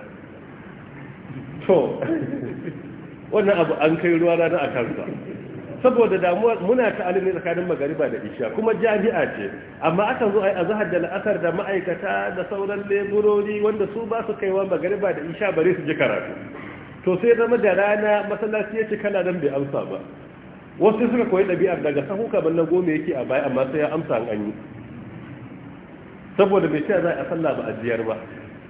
to wannan abu an kai ruwa rana a kansa saboda damuwa muna ta alimi tsakanin magariba da isha kuma jami'a ce amma aka zo a yi azahar da la'asar da ma'aikata da sauran leburori wanda su ba su kaiwa magariba da isha bare su ji karatu to sai zama da rana masallaci ya kana nan bai amsa ba wasu suka koyi ɗabi'ar daga hukar ban na goma yake a baya amma sai ya amsa an yi saboda mai ce za a sallah ba a jiyar ba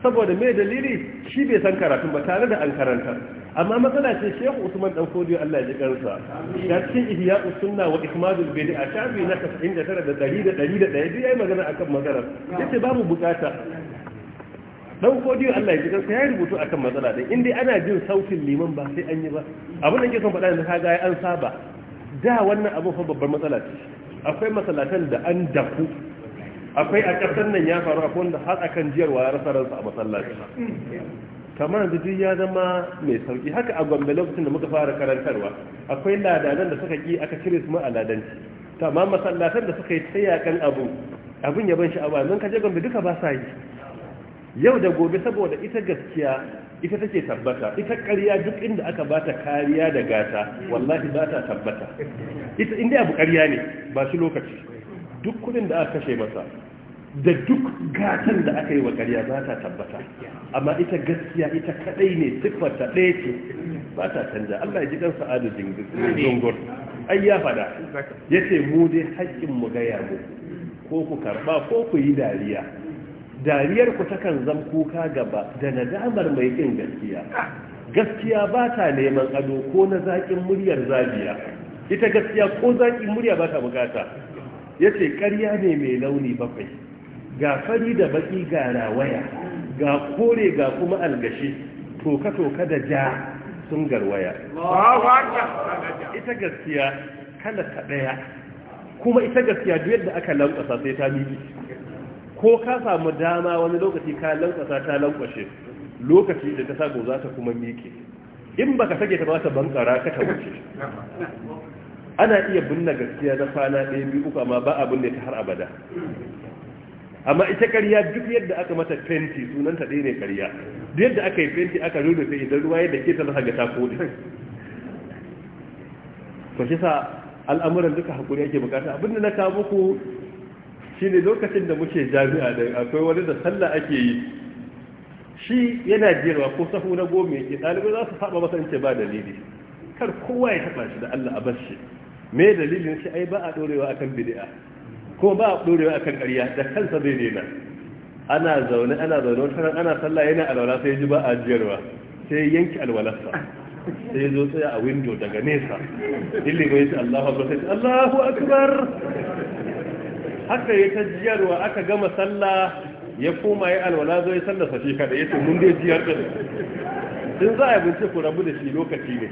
saboda mai dalili shi bai san karatun ba tare da an karanta amma matsala ce shehu usman dan kodiyo Allah ya ji karsa ya cikin ihya usunna wa ikmadul a shafi na 99 da 100 da 100 da ya yayi magana akan magana ce babu bukata dan godiyo Allah ya ji kansa ya rubutu akan matsala din inda ana jin sautin liman ba sai an yi ba abin da ke son faɗa da ga an saba da wannan abu fa babbar matsala ce akwai masalatan da an dafu akwai a ƙasar nan ya faru akwai wanda har akan jiyarwa ya rasa ransa a masallaci kamar da duk ya zama mai sauki haka a gombe lokacin da muka fara karantarwa akwai ladanan da suka ki aka cire su a ladanci amma masallatan da suka yi ta yakan abu abin ya ban sha'awa ka kaje gombe duka ba sa yi yau da gobe saboda ita gaskiya ita take tabbata ita ƙarya duk inda aka bata kariya da gata wallahi ba ta tabbata ita inda abu ƙarya ne ba shi lokaci duk kudin da aka kashe masa da duk gatan da aka yi wa ƙarya ba ta tabbata amma ita gaskiya ita kaɗai ne siffarta ɗaya ce ba ta canja Allah ya ji ɗan sa'adu jingur ai ya faɗa ya ce mu dai haƙƙin mu gaya mu ko ku karɓa ko ku yi dariya Dariyarku takan zan kuka gaba da nadamar mai kin gaskiya gaskiya ba ta neman ado ko na zaƙin muryar zabiya ita gaskiya ko zaƙin murya ba ta bukata ya ƙarya ne mai launi bakwai ga fari da baƙi ga rawaya ga kore ga kuma algashi toka-toka da ja sun garwaya ita gaskiya kala ta ɗaya kuma ita gaskiya duk yadda aka lankwasa sai ta miki ko ka samu dama wani lokaci ka lankasa ta lankwashe lokaci da ta sago za ta kuma miki. in baka sake ta ba ta bankara ka ta wuce ana iya binne gaskiya na kwana ɗaya biyu uku amma ba a binne ta har abada amma ita karya duk yadda aka mata fenti sunanta ɗaya ne karya, duk yadda aka yi fenti aka sai idan ruwa yadda ke ta za ga ta kodi ko shi sa al'amuran duka hakuri ake bukata abinda na kawo muku ne lokacin da muke jami'a da akwai wani da sallah ake yi shi yana jiyarwa ko sahu na goma yake ɗalibai za su saba masa ce ba dalili kar kowa ya taɓa shi da Allah a bar shi me dalilin shi ai ba a ɗorewa akan bidi'a? ko ba a ɗorewa akan ƙarya da kansa zai nema ana zaune ana zaune wata ran ana sallah yana alwala sai ji ba a jiyarwa sai yanki alwalarsa sai zo tsaya a windo daga nesa ilimin ya ce Allahu akbar sai Allahu akbar haka ya ta jiyarwa aka gama sallah ya koma ya alwala zai ya sallah safi kada ya ce mun dai jiyar da in za a bince ku rabu da shi lokaci ne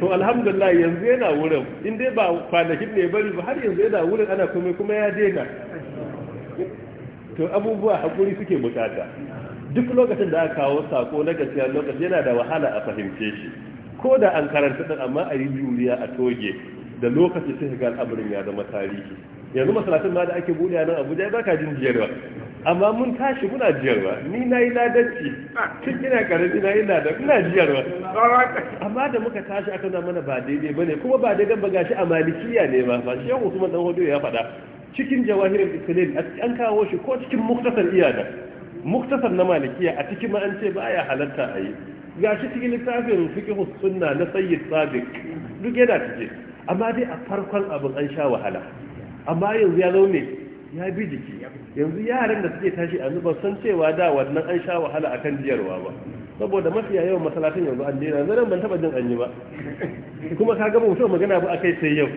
to alhamdulillah yanzu yana wurin in dai ba kwanakin ne bari ba har yanzu yana wurin ana komai kuma ya daina to abubuwa hakuri suke bukata duk lokacin da aka kawo sako na gaskiya lokaci yana da wahala a fahimce shi ko da an karanta din amma a yi juriya a toge da lokaci sai ga al'amarin ya zama tarihi yanzu masalatin ma da ake buɗe a nan abuja ba ka jin jiyarwa amma mun tashi muna jiyarwa ni na yi ladanci tun ina karami na yi ladan ina jiyarwa amma da muka tashi aka na mana ba daidai ba ne kuma ba daidai ba gashi a malikiya ne ba ba shi yan usman dan hodo ya faɗa cikin jawahirin islam an kawo shi ko cikin muktasar iyada muktasar na malikiya a cikin ma an ce ba ya halarta a yi gashi cikin littafin fiqh sunna na sayyid sadiq duk yana cike amma dai a farkon abin an sha wahala amma yanzu ya zaune ya bi jiki yanzu yaran da suke tashi a zuba san cewa da wannan an sha wahala a kan jiyarwa ba saboda mafi yawan masalatin yanzu an daina zanen ban taba jin an yi ba kuma ka gaba mutum magana ba akai sai yau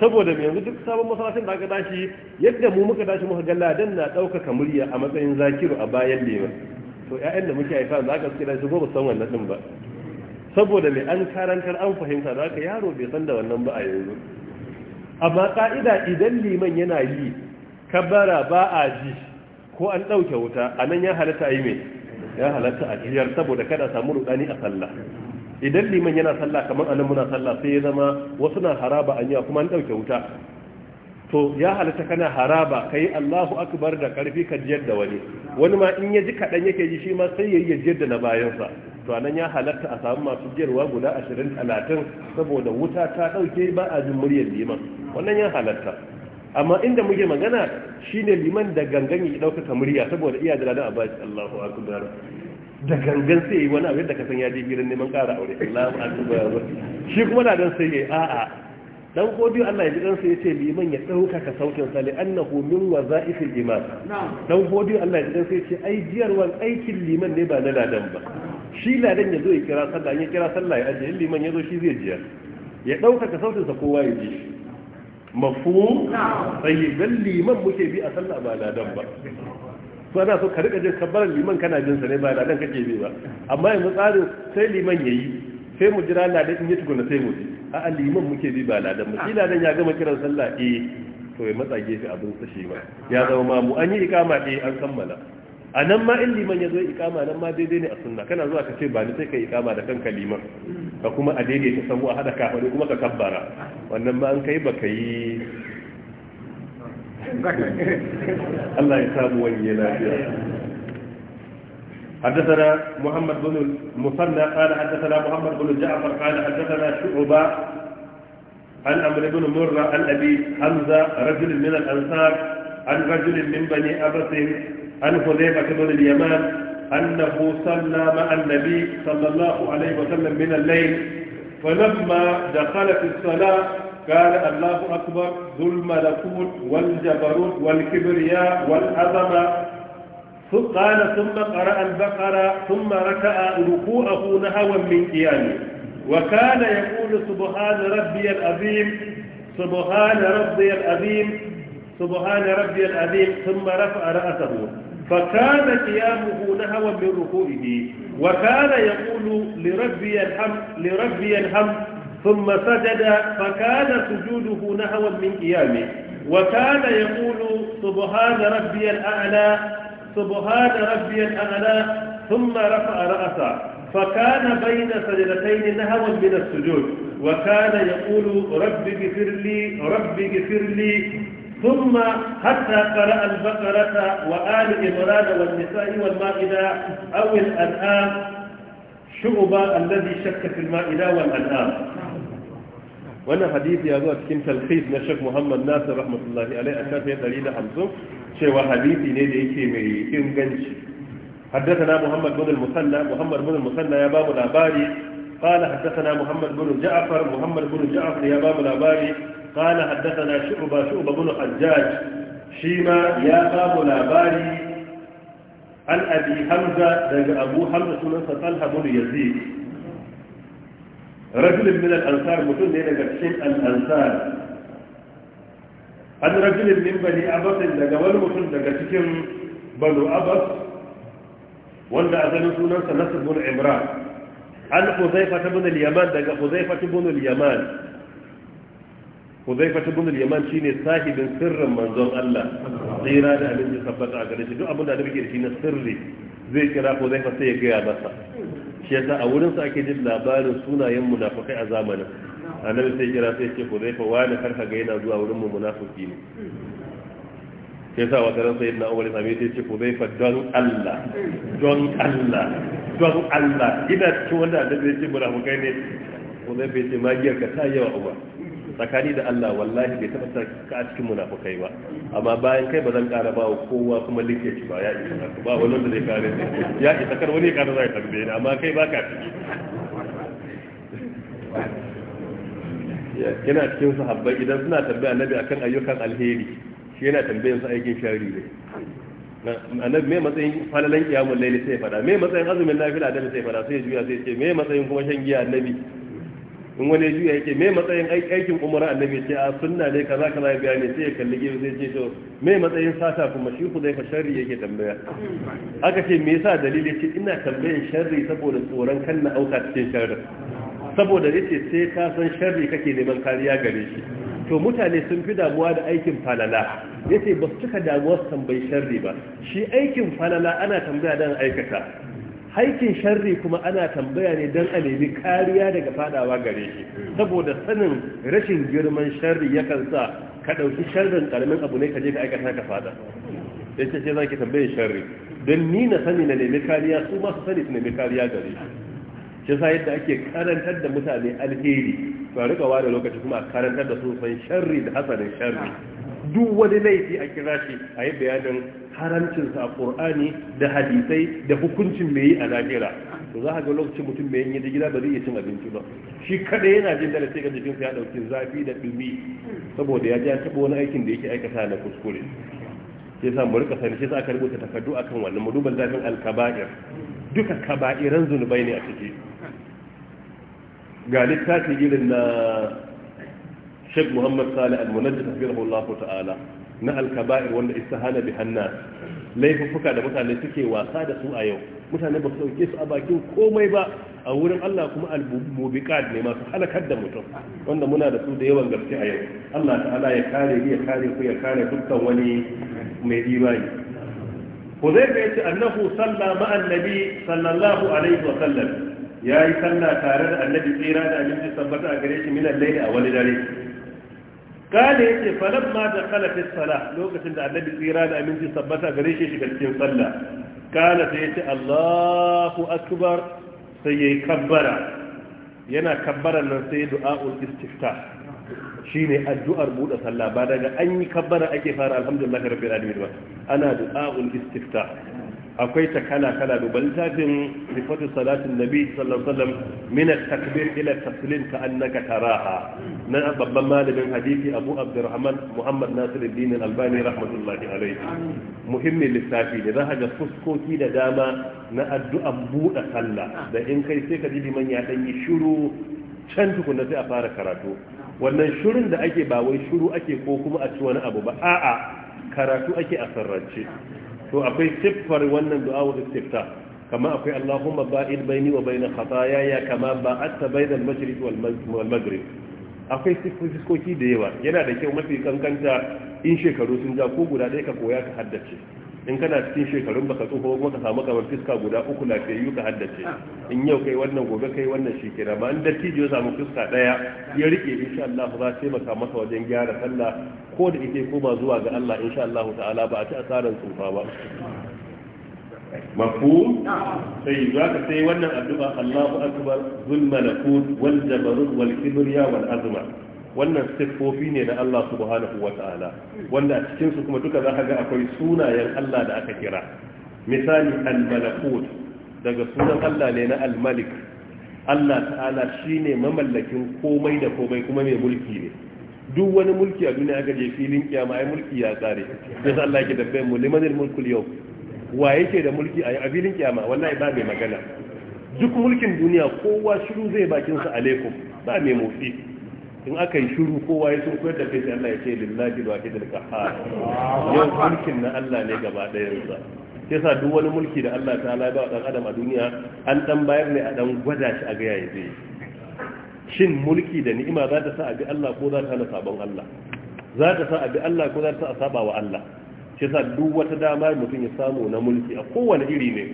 saboda yanzu duk sabon masalatin da aka dashi yadda mu muka dashi muka ga ladan na ɗaukaka murya a matsayin zakiru a bayan lema to ƴaƴan da muke haifa za ka suke dashi ko ba san wannan din ba saboda mai an karantar an fahimta da haka yaro bai san da wannan ba a yanzu amma ka'ida idan liman yana yi kabbara ba a ji ko an ɗauke wuta a nan ya halatta a yi mai ya halatta a jiyar saboda kada samu rudani a sallah idan liman yana sallah kamar anan muna sallah sai ya zama wasu na haraba an kuma an ɗauke wuta to ya halatta kana haraba ka yi allahu akbar da ƙarfi ka jiyar da wani wani ma in ya ji kaɗan yake ji shi ma sai ya yi jiyar da na bayansa to anan ya halarta a samu masu jiyarwa guda ashirin talatin saboda wuta ta ɗauke ba a jin muryar liman wannan ya halarta amma inda muke magana shine liman da gangan ya ɗaukaka murya saboda iya da ladan abaci Allahu akbar da gangan sai yi wani abin da ka san ya je gidan neman ƙara aure Allahu akbar shi kuma ladan sai yayi a'a dan godiyo Allah ya ji dan sai yace liman ya dauka ka saukin sa li annahu min wazaifil iman dan godiyo Allah ya ji dan sai yace ai jiyarwan aikin liman ne ba na ladan ba shi ladan ya zo ya kira sallah ya kira sallah ya ajiye liman ya zo shi zai jiya ya ɗaukaka sautinsa kowa ya ji shi mafu sai dan liman muke bi a sallah ba ladan ba to ana so ka rika jin kabbaran liman kana jin sa ne ba ladan kake bi ba amma yanzu tsarin sai liman yayi sai mu jira ladan in ya tukuna sai mu ji a liman muke bi ba ladan ba shi ladan ya gama kiran sallah eh to ya matsa gefe abin sa shi ba ya zama mu an yi ikama eh an kammala a nan ma in liman ya zo ikama nan ma daidai ne a sunna kana zuwa ka ce ba ni sai ka ikama da kanka liman ka kuma a daidai ta sabu a hada kafa kuma ka kabbara wannan ma an kai ba ka yi Allah ya samu wani lafiya حدثنا محمد بن المثنى قال حدثنا محمد بن جعفر قال حدثنا شعبة عن عمرو بن مرة عن أبي حمزة رجل من الأنصار عن رجل من بني أبس عن حذيفة بن اليمان أنه صلى مع النبي صلى الله عليه وسلم من الليل فلما دخلت الصلاة قال الله أكبر ذو الملكوت والجبروت والكبرياء والعظمة قال ثم قرأ البقرة ثم ركع ركوعه نهوا من قيامه وكان يقول سبحان ربي العظيم سبحان ربي العظيم سبحان ربي العظيم ثم رفع رأسه فكان قيامه نهوا من ركوعه وكان يقول لربي الحمد لربي الحمد ثم سجد فكان سجوده نهوا من قيامه وكان يقول سبحان ربي الأعلى سبحان ربي الأعلى ثم رفع رأسه فكان بين سجدتين نهوا من السجود وكان يقول رب اغفر لي رب اغفر لي ثم حتى قرأ البقرة وآل إمران والنساء والمائدة أو الأنعام شعبة الذي شك في المائدة والأنعام wannan hadisi ya zo a cikin talkhis na Sheikh Muhammad Nasir rahmatullahi alaihi a shafin 150 cewa hadisi ne da yake mai inganci حدثنا محمد بن المثنى محمد بن المثنى يا باب العباري قال حدثنا محمد بن جعفر محمد بن جعفر يا باب العباري قال حدثنا شعبة شعبة بن حجاج شيما يا قام لاباري عن أبي حمزة دق أبو حمزة سنة طلحة بن يزيد رجل من الأنصار متن دق شيء الأنصار عن رجل من بني عبس دق والمتن دق شكم بنو عبس wanda asalin sunansa nasir bin imran an huzaifa ta bin al-yaman daga huzaifa ta bin al-yaman Huzaifa ta bin yaman shine sahibin sirrin manzon Allah tsira da abin da tabbata a gare shi duk abin da da muke da shi na sirri zai kira Huzaifa sai ya gaya masa shi yasa a wurin sa ake jin labarin sunayen munafikai a zamanin annabi sai kira sai ce Huzaifa wani karka ga yana zuwa wurin mu munafiki ne Shi sa wata ran sayyidina Umar sami Abi ce Huzaifa don Allah don Allah don Allah ina cikin wanda annabi ya ce munafikai ne Huzaifa ya ce magiyar ka ta yawa Umar tsakani da Allah wallahi bai taɓa ka a cikin munafukai ba amma bayan kai ba zan ƙara ba wa kowa kuma linke shi ba ya isa ba wani wanda zai kare ya isa kar wani ya ƙara zai tambaye ni amma kai ba ka ciki yana cikin sahabbai idan suna tambaya annabi akan ayyukan alheri shi yana tambayan su aikin shari ne annabi me matsayin falalan kiyamul laili sai fada me matsayin azumin nafila da sai fada sai juya sai ce me matsayin kuma shan giya annabi in wani juya yake me matsayin aikin umara annabi ce a sunna ne kaza kaza ya bayani sai ya kalli gefe zai ce to me matsayin sata kuma shi ku zai fa sharri yake tambaya aka ce me yasa dalili ce ina tambayan sharri saboda tsoron kan na auka cikin sharri saboda yace sai ka san sharri kake neman kariya gare shi to mutane sun fi damuwa da aikin falala yace ba su cika damuwa su tambayi sharri ba shi aikin falala ana tambaya dan aikata haikin sharri kuma ana tambaya ne don a nemi kariya daga fadawa gare shi saboda sanin rashin girman sharri ya sa ka ɗauki sharrin ƙaramin abu ne ka je ka aikata ka fada ya ce ce za ki tambayin sharri don ni na sani na nemi kariya su masu sani su nemi kariya gare shi shi sa yadda ake karantar da mutane alheri ba rika ware lokaci kuma a karantar da su san sharri da hasarin sharri duk wani laifi a kira shi a yi bayanin Harancinsa a ƙur'ani da hadisai da hukuncin mai yi a lahira to za a ga lokacin mutum mai yanyi da gida ba zai iya cin abinci ba shi kada yana jin dala sai ga jikinsa ya ɗauki zafi da ɗumi saboda ya ja taɓa wani aikin da yake aikata na kuskure sai sa mu rika sani sai sa aka rubuta takardu akan wannan Mudubar zafin alkaba'ir duka kaba'iran zunubai ne a ciki ga littafi irin na Sheikh Muhammad Salih Al-Munajjid rahimahullahu ta'ala na alkaba'ir wanda istihana bi hanna laifuffuka da mutane suke wasa da su a yau mutane ba su dauke su a bakin komai ba a wurin Allah kuma al-mubiqat ne masu halakar da mutum wanda muna da su da yawan gaske a yau Allah ta'ala ya kare ya kare ku ya kare dukkan wani mai imani Huzaifa yace annahu salla ma'a annabi sallallahu alaihi wa sallam yayi sallah tare da annabi tsira da annabi sabbata a gare shi minan laili a wani dare kale yace falam ma da kala fi sala lokacin da annabi tsira da aminci sabbata gare shi shiga cikin sallah kala sai yace Allahu akbar sai yayi kabbara yana kabbara nan sai du'aul istiftah shine addu'ar buɗe sallah ba daga an yi kabbara ake fara alhamdulillah rabbil alamin ba ana du'aul istiftah akwai ta kala kala duba littafin sifatu salatin nabi sallallahu alaihi wasallam min at-takbir ila taslim ka annaka taraha na babban malamin hadisi Abu Abdurrahman Muhammad Nasir Al-Albani rahmatullahi alaihi muhimmin lissafi da za fuskoki da dama na addu'an buɗe sallah da in kai sai ka ji liman ya dan yi shiru can tukunna sai a fara karatu wannan shirin da ake ba wai shiru ake ko kuma a ci wani abu ba a'a karatu ake a sarrace to akwai siffar wannan du'a'ul istifta kama akwai Allahumma ba'id baini wa baina khataaya ya kama ba'atta bainal mashriq wal maghrib akwai siffofi da yawa yana da kyau mafi kankanta in shekaru sun ja ko guda ɗaya ka koya ka haddace in kana cikin shekarun baka tsoho kuma ka samu kamar fiska guda uku lafiyayyu ka haddace in yau kai wannan gobe kai wannan shi ke in dattijo ya samu fiska daya ya rike insha Allah za ta taimaka masa wajen gyara sallah ko da ita koma zuwa ga Allah insha Allah ta'ala ba a ci asaran tsufa ba mafu sai za ka sai wannan addu'a Allahu akbar zulmalakut malakut wal jabarut wal kibriya wal azma wannan siffofi ne na Allah subhanahu wata'ala wanda a cikin su kuma duka za ka ga akwai sunayen Allah da aka kira misali al-malakut daga sunan Allah ne na al-malik Allah ta'ala shine mamallakin komai da komai kuma mai mulki ne duk wani mulki a duniya aka je filin kiyama ai mulki ya tsare sai Allah yake da mu limanil yau wa yake da mulki a filin kiyama wallahi ba mai magana duk mulkin duniya kowa shiru zai bakin sa alaikum ba mai motsi in aka yi shiru kowa ya sun koyar da kai sai Allah ya ce lillahi wahid al-qahhar yau mulkin na Allah ne gaba Ke sa duk wani mulki da Allah ta ala ba dan adam a duniya an ɗan bayar ne a dan gwada shi a gaya yayi zai shin mulki da ni'ima za ta sa a bi Allah ko za ta hana sabon Allah za ta sa a bi Allah ko za ta sa saba wa Allah Ke sa duk wata dama mutum ya samu na mulki a kowane iri ne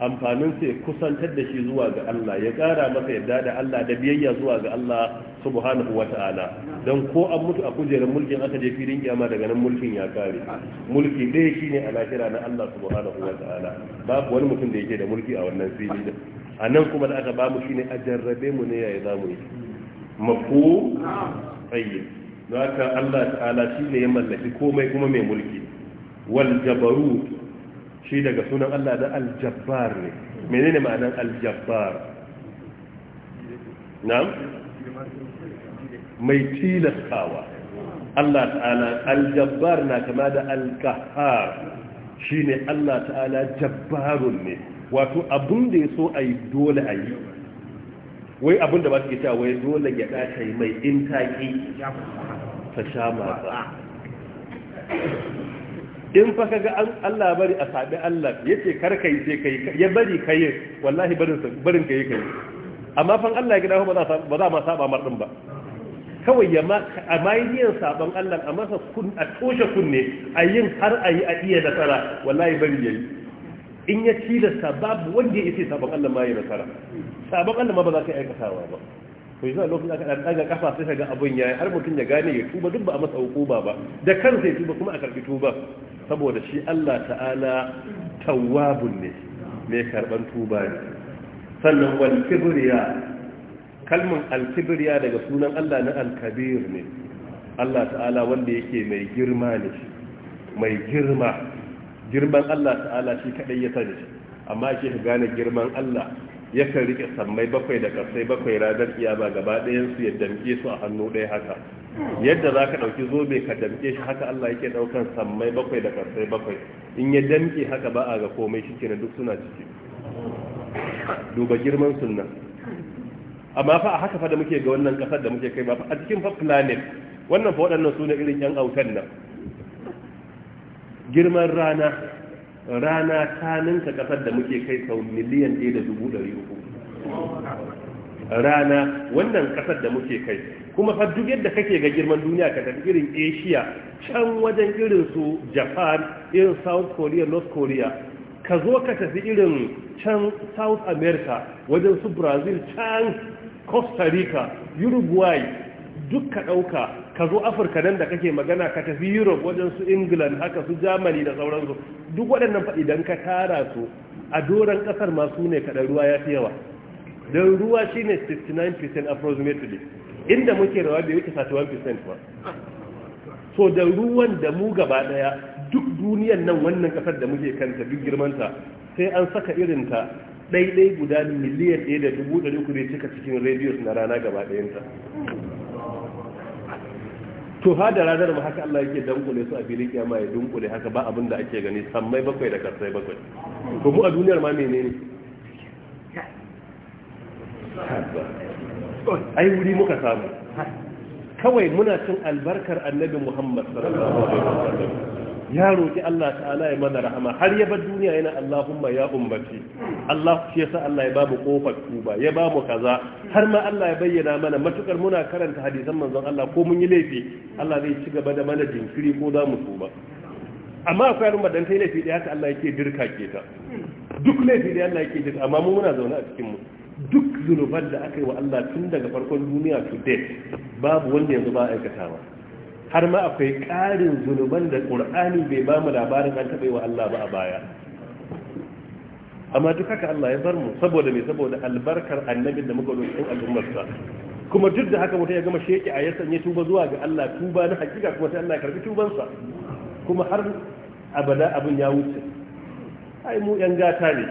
amfanin sai kusantar da shi zuwa ga Allah ya kara masa yadda da Allah da biyayya zuwa ga Allah subhanahu wata'ala don ko an mutu a kujerar mulkin aka je filin kiyama daga nan mulkin ya kare mulki ɗaya shine a lahira na Allah subhanahu wata'ala babu wani mutum da yake da mulki a wannan fili da a kuma da aka bamu shine a jarrabe mu ne yi zamu yi mafu tsaye don Allah ta'ala shine ya mallaki komai kuma mai mulki wal jabarut shi daga sunan Allah na aljabbar ne menene ma'anar aljabbar na'am mai tilastawa Allah ta'ala aljabbar na kama da alkahar shine Allah ta'ala jabbarun ne wato abun da ya so a yi dole a yi wai abun da ba su ke cewa wai dole ya ɗata mai intaki ta sha ba? in fa kaga Allah bari a sabi Allah yace kar kai sai kai ya bari kai wallahi barin barin kai kai amma fa Allah ya gida ba za ba za ma saba mar din ba kawai ya ma amma yin saban Allah a masa kun a toshe kunne a yin har a yi a iya da tsara, wallahi bari yayi in ya tilasta babu wanda ya ce saban Allah ma ya nasara saban Allah ma ba za ka aikatawa ba to yanzu a lokacin aka daga kafa sai ka ga abin yayi har mutum ya gane ya tuba duk ba a masa hukuma ba da kansa ya tuba kuma a karbi tuba saboda shi Allah ta'ala tawwabun ne mai karban tuba ne sannan wal kibriya kalman al kibriya daga sunan Allah na al kabir ne Allah ta'ala wanda yake mai girma ne mai girma girman Allah ta'ala shi kadai ya sani amma ka gane girman Allah yakan rike sammai bakwai da karsai bakwai ranar ba gaba ɗayan su ya damke su a hannu ɗaya haka yadda za ka ɗauki zobe ka damke shi haka Allah yake ɗaukan sammai bakwai da karsai bakwai in ya damke haka ba a ga komai shi kenan duk suna ciki duba girman sunna amma fa a haka fa da muke ga wannan ƙasar da muke kai ba a cikin fa planet wannan fa waɗannan su ne irin 'yan autan nan girman rana rana ta ninka kasar da muke kai sau miliyan ɗaya da dubu ɗari uku rana wannan kasar da muke kai kuma fa duk yadda kake ga girman duniya ka tafi irin asia can wajen irin su japan irin south korea north korea ka zo ka tafi irin can south america wajen su brazil can costa rica uruguay duk ka ɗauka ka zo afirka nan da kake magana ka tafi europe wajen su england haka su germany da sauransu duk waɗannan faɗi don ka tara su a doron ƙasar ma ne kaɗan ruwa ya fi yawa don ruwa shi ne 69% approximately inda muke rawa bai wuce 31% ba so da ruwan da mu gaba ɗaya duk duniyan nan wannan ƙasar da muke kanta duk girmanta sai an saka irinta ɗaiɗai guda miliyan ɗaya da dubu ɗari uku cika cikin radius na rana gaba ɗayanta to ha da ranar ma haka Allah yake dunkule su a filin kiyama ya dunkule haka ba abin da ake gani sammai bakwai da karsai bakwai to mu a duniyar ma menene ai wuri muka samu kawai muna cin albarkar annabi Muhammad sallallahu alaihi wasallam ya roƙi Allah ta'ala ya mana rahama har ya bar duniya yana Allahumma ya ummati Allah shi yasa Allah ya babu kofar tuba ya bamu kaza har ma Allah ya bayyana mana matukar muna karanta hadisan manzon Allah ko mun yi laifi Allah zai ci gaba da mana jinkiri ko za mu tuba amma akwai yaron ta yi laifi da haka Allah yake dirka ke ta duk laifi da Allah yake dirka amma mu muna zaune a cikin mu duk zunuban da aka yi wa Allah tun daga farkon duniya to date babu wanda yanzu ba aikatawa har ma akwai ƙarin zunuban da ƙur'ani bai ba mu labarin an taɓa wa Allah ba a baya amma duk haka Allah ya bar mu saboda me saboda albarkar annabin da muka roƙi al'ummarsa kuma duk da haka mutum ya gama sheki a ya tuba zuwa ga Allah tuba na hakika kuma sai Allah ya karbi tubansa kuma har abada abin ya wuce ai mu yan gata ne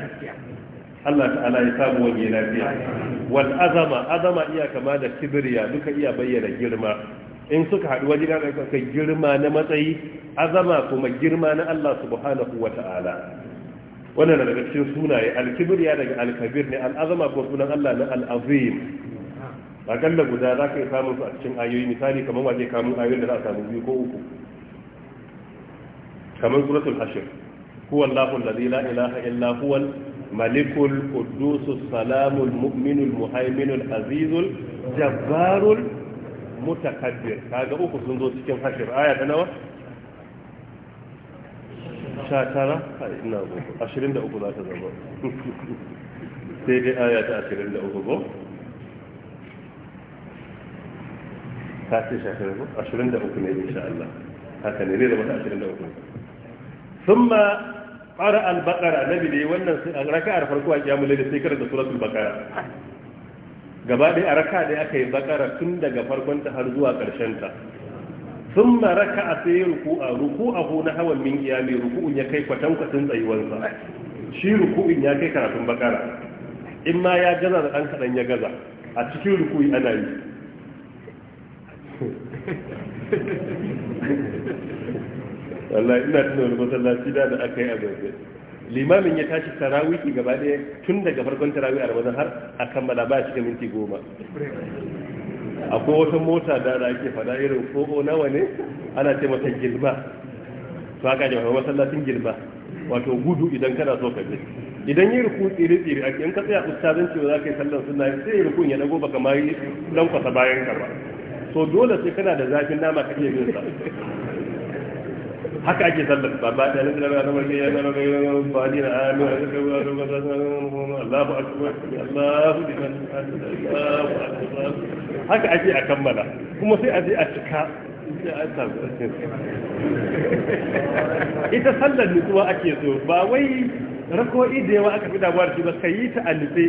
Allah ta'ala ya samu wani lafiya wal azama azama iya kama da kibriya duka iya bayyana girma in suka haɗu waje na ɗaukaka girma na matsayi azama kuma girma na Allah subhanahu wa ta'ala wannan na daga cikin sunaye alkibir ya daga alkabir ne al'azama ko sunan Allah na al'azim akalla guda za ka yi samun su a cikin ayoyi misali kamar waje kamun ayoyin da za a samu biyu ko uku kamar suratul hashir huwa Allahu alladhi la ilaha illa huwa malikul القدوس السلام المؤمن Azizul, Jabbarul. mutakabbir kaga uku sun zo cikin hashir aya ta nawa 23 za ta zama sai dai aya ta 23 ko. ta ce 23 ne insha Allah haka ne ne da mata 23 thumma qara al-baqara nabi dai wannan raka'a farko a kiyamul layl sai karanta suratul baqara gaba ɗaya a raka ɗaya aka yi bakara tun daga farkonta har zuwa ta. sun ma raka a sai ruku'a ruku'a ko na hawan min mai ruku'un ya kai kwatan kwatan tsayuwarsa shi ruku'un ya kai karatun bakara in ma ya gaza da ɗan kaɗan ya gaza a cikin ruku'i ana yi wallahi ina tunan wani masallaci da aka yi a zafi limamin ya tashi tarawihi gaba ɗaya tun daga farkon tarawih a ramadan har a kammala ba shi da minti goma akwai wata mota da da ake fada irin ko nawa ne ana ce mata gilba to haka ne masallacin gilba wato gudu idan kana so ka idan yi ruku tsiri tsiri a in katsaya tsaya ustazin cewa za ka yi sallar suna sai yi rukun ya dago baka ma yi lankwasa bayan ka ba so dole sai kana da zafin nama ka iya bin sa haka ake sallar ba ta nan da rabar ya da ga ya da ni na amin da rabar da rabar da Allahu akbar Allahu akbar Allahu akbar haka ake a kammala kuma sai a je a cika ita sallar nutsuwa ake so ba wai rako'i da yawa aka fi damuwa da shi ba kai ta a nutse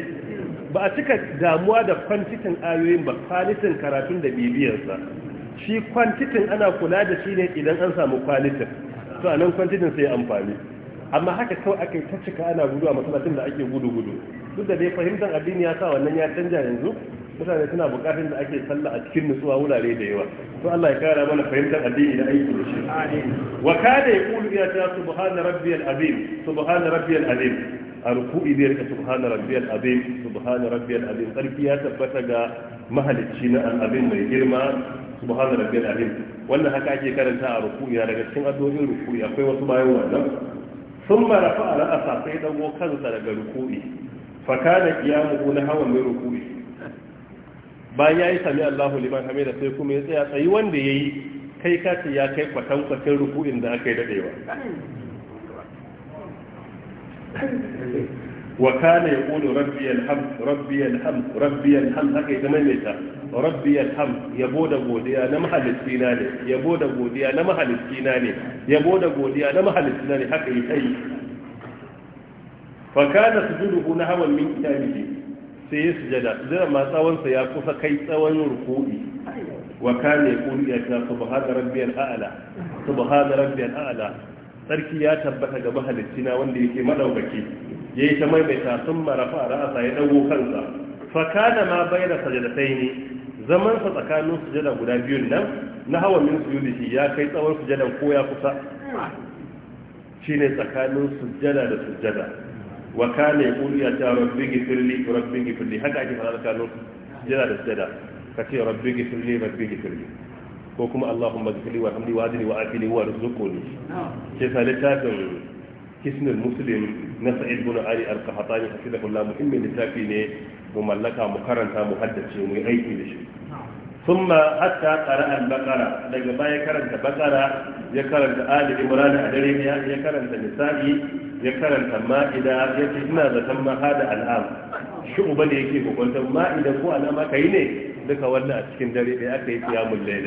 ba a cika damuwa da kwantitin ayoyin ba kwalitin karatun da bibiyarsa shi kwantitin ana kula da shi ne idan an samu kwalitin to a nan kwantitin sai amfani amma haka kawai aka yi ta cika ana gudu a masalacin da ake gudu gudu duk da dai fahimtar addini ya sa wannan ya canja yanzu mutane suna bukatun da ake sallah a cikin nutsuwa wurare da yawa to Allah ya kara mana fahimtar addini da aiki da shi wa kada yaqulu ya ta subhana rabbiyal azim subhana rabbiyal azim a ruku'i zai rika subhana rabbiyal azim subhana rabbiyal azim sarki ya tabbata ga mahalicci na abin mai girma subhana rabbiyal azim wannan haka ake karanta a ruku'i daga cikin addu'o'in ruku'i akwai wasu bayan wannan thumma rafa'a ra'sa sai dago kansa daga ruku'i fa kana qiyamuhu hawa min ruku'i bayan yayi sami Allahu liman hamida sai kuma ya tsaya tsayi wanda yayi kai ka ce ya kai kwatan kwatan ruku'in da aka yi dadewa wa kana yaqulu rabbi alham rabbi alham rabbi alham haka ita maimaita rabbi alham yabo da godiya na mahalicina ne yabo da godiya na mahalicina ne yabo da godiya na mahalicina ne haka ita yi fa kana sujuduhu nahwan min kitabihi sai ya sujada sujada ma tsawon sa ya kusa kai tsawon ruku'i wa kana yaqulu ya subhana rabbiyal a'la sarki ya tabbata ga mahalicina wanda yake madaukaki ya yi ta maimaita sun marafa a ra'asa ya dago kansa Fakada ma bai da sajadatai ne zaman sa tsakanin sujada guda biyun nan na hawa min shi ya kai tsawon sujadan ko ya kusa shine tsakanin sujada da sujada wa kana yaqulu ya ta rabbi ghfirli rabbi ghfirli haka ake fara tsakanin sujada da sujada kace rabbi ghfirli rabbi ghfirli ko kuma allahumma ghfirli wa hamdi wa adli wa afili wa rzuqni sai littafin hisnul muslim na sa'id bin ali al-qahtani hafizahullah muhimmin littafi ne mu mallaka mu karanta mu haddace mu yi aiki da shi ثم حتى قرأ البقرة لقد باي كرنت بقرة يكرنت آل إمران أدريم يكرنت نسائي يكرنت مائدة يتجمع ذتم هذا الآن شو بني يكيف قلت مائدة هو أنا ما كيني لك ولا أتكين دري أكي قيام الليل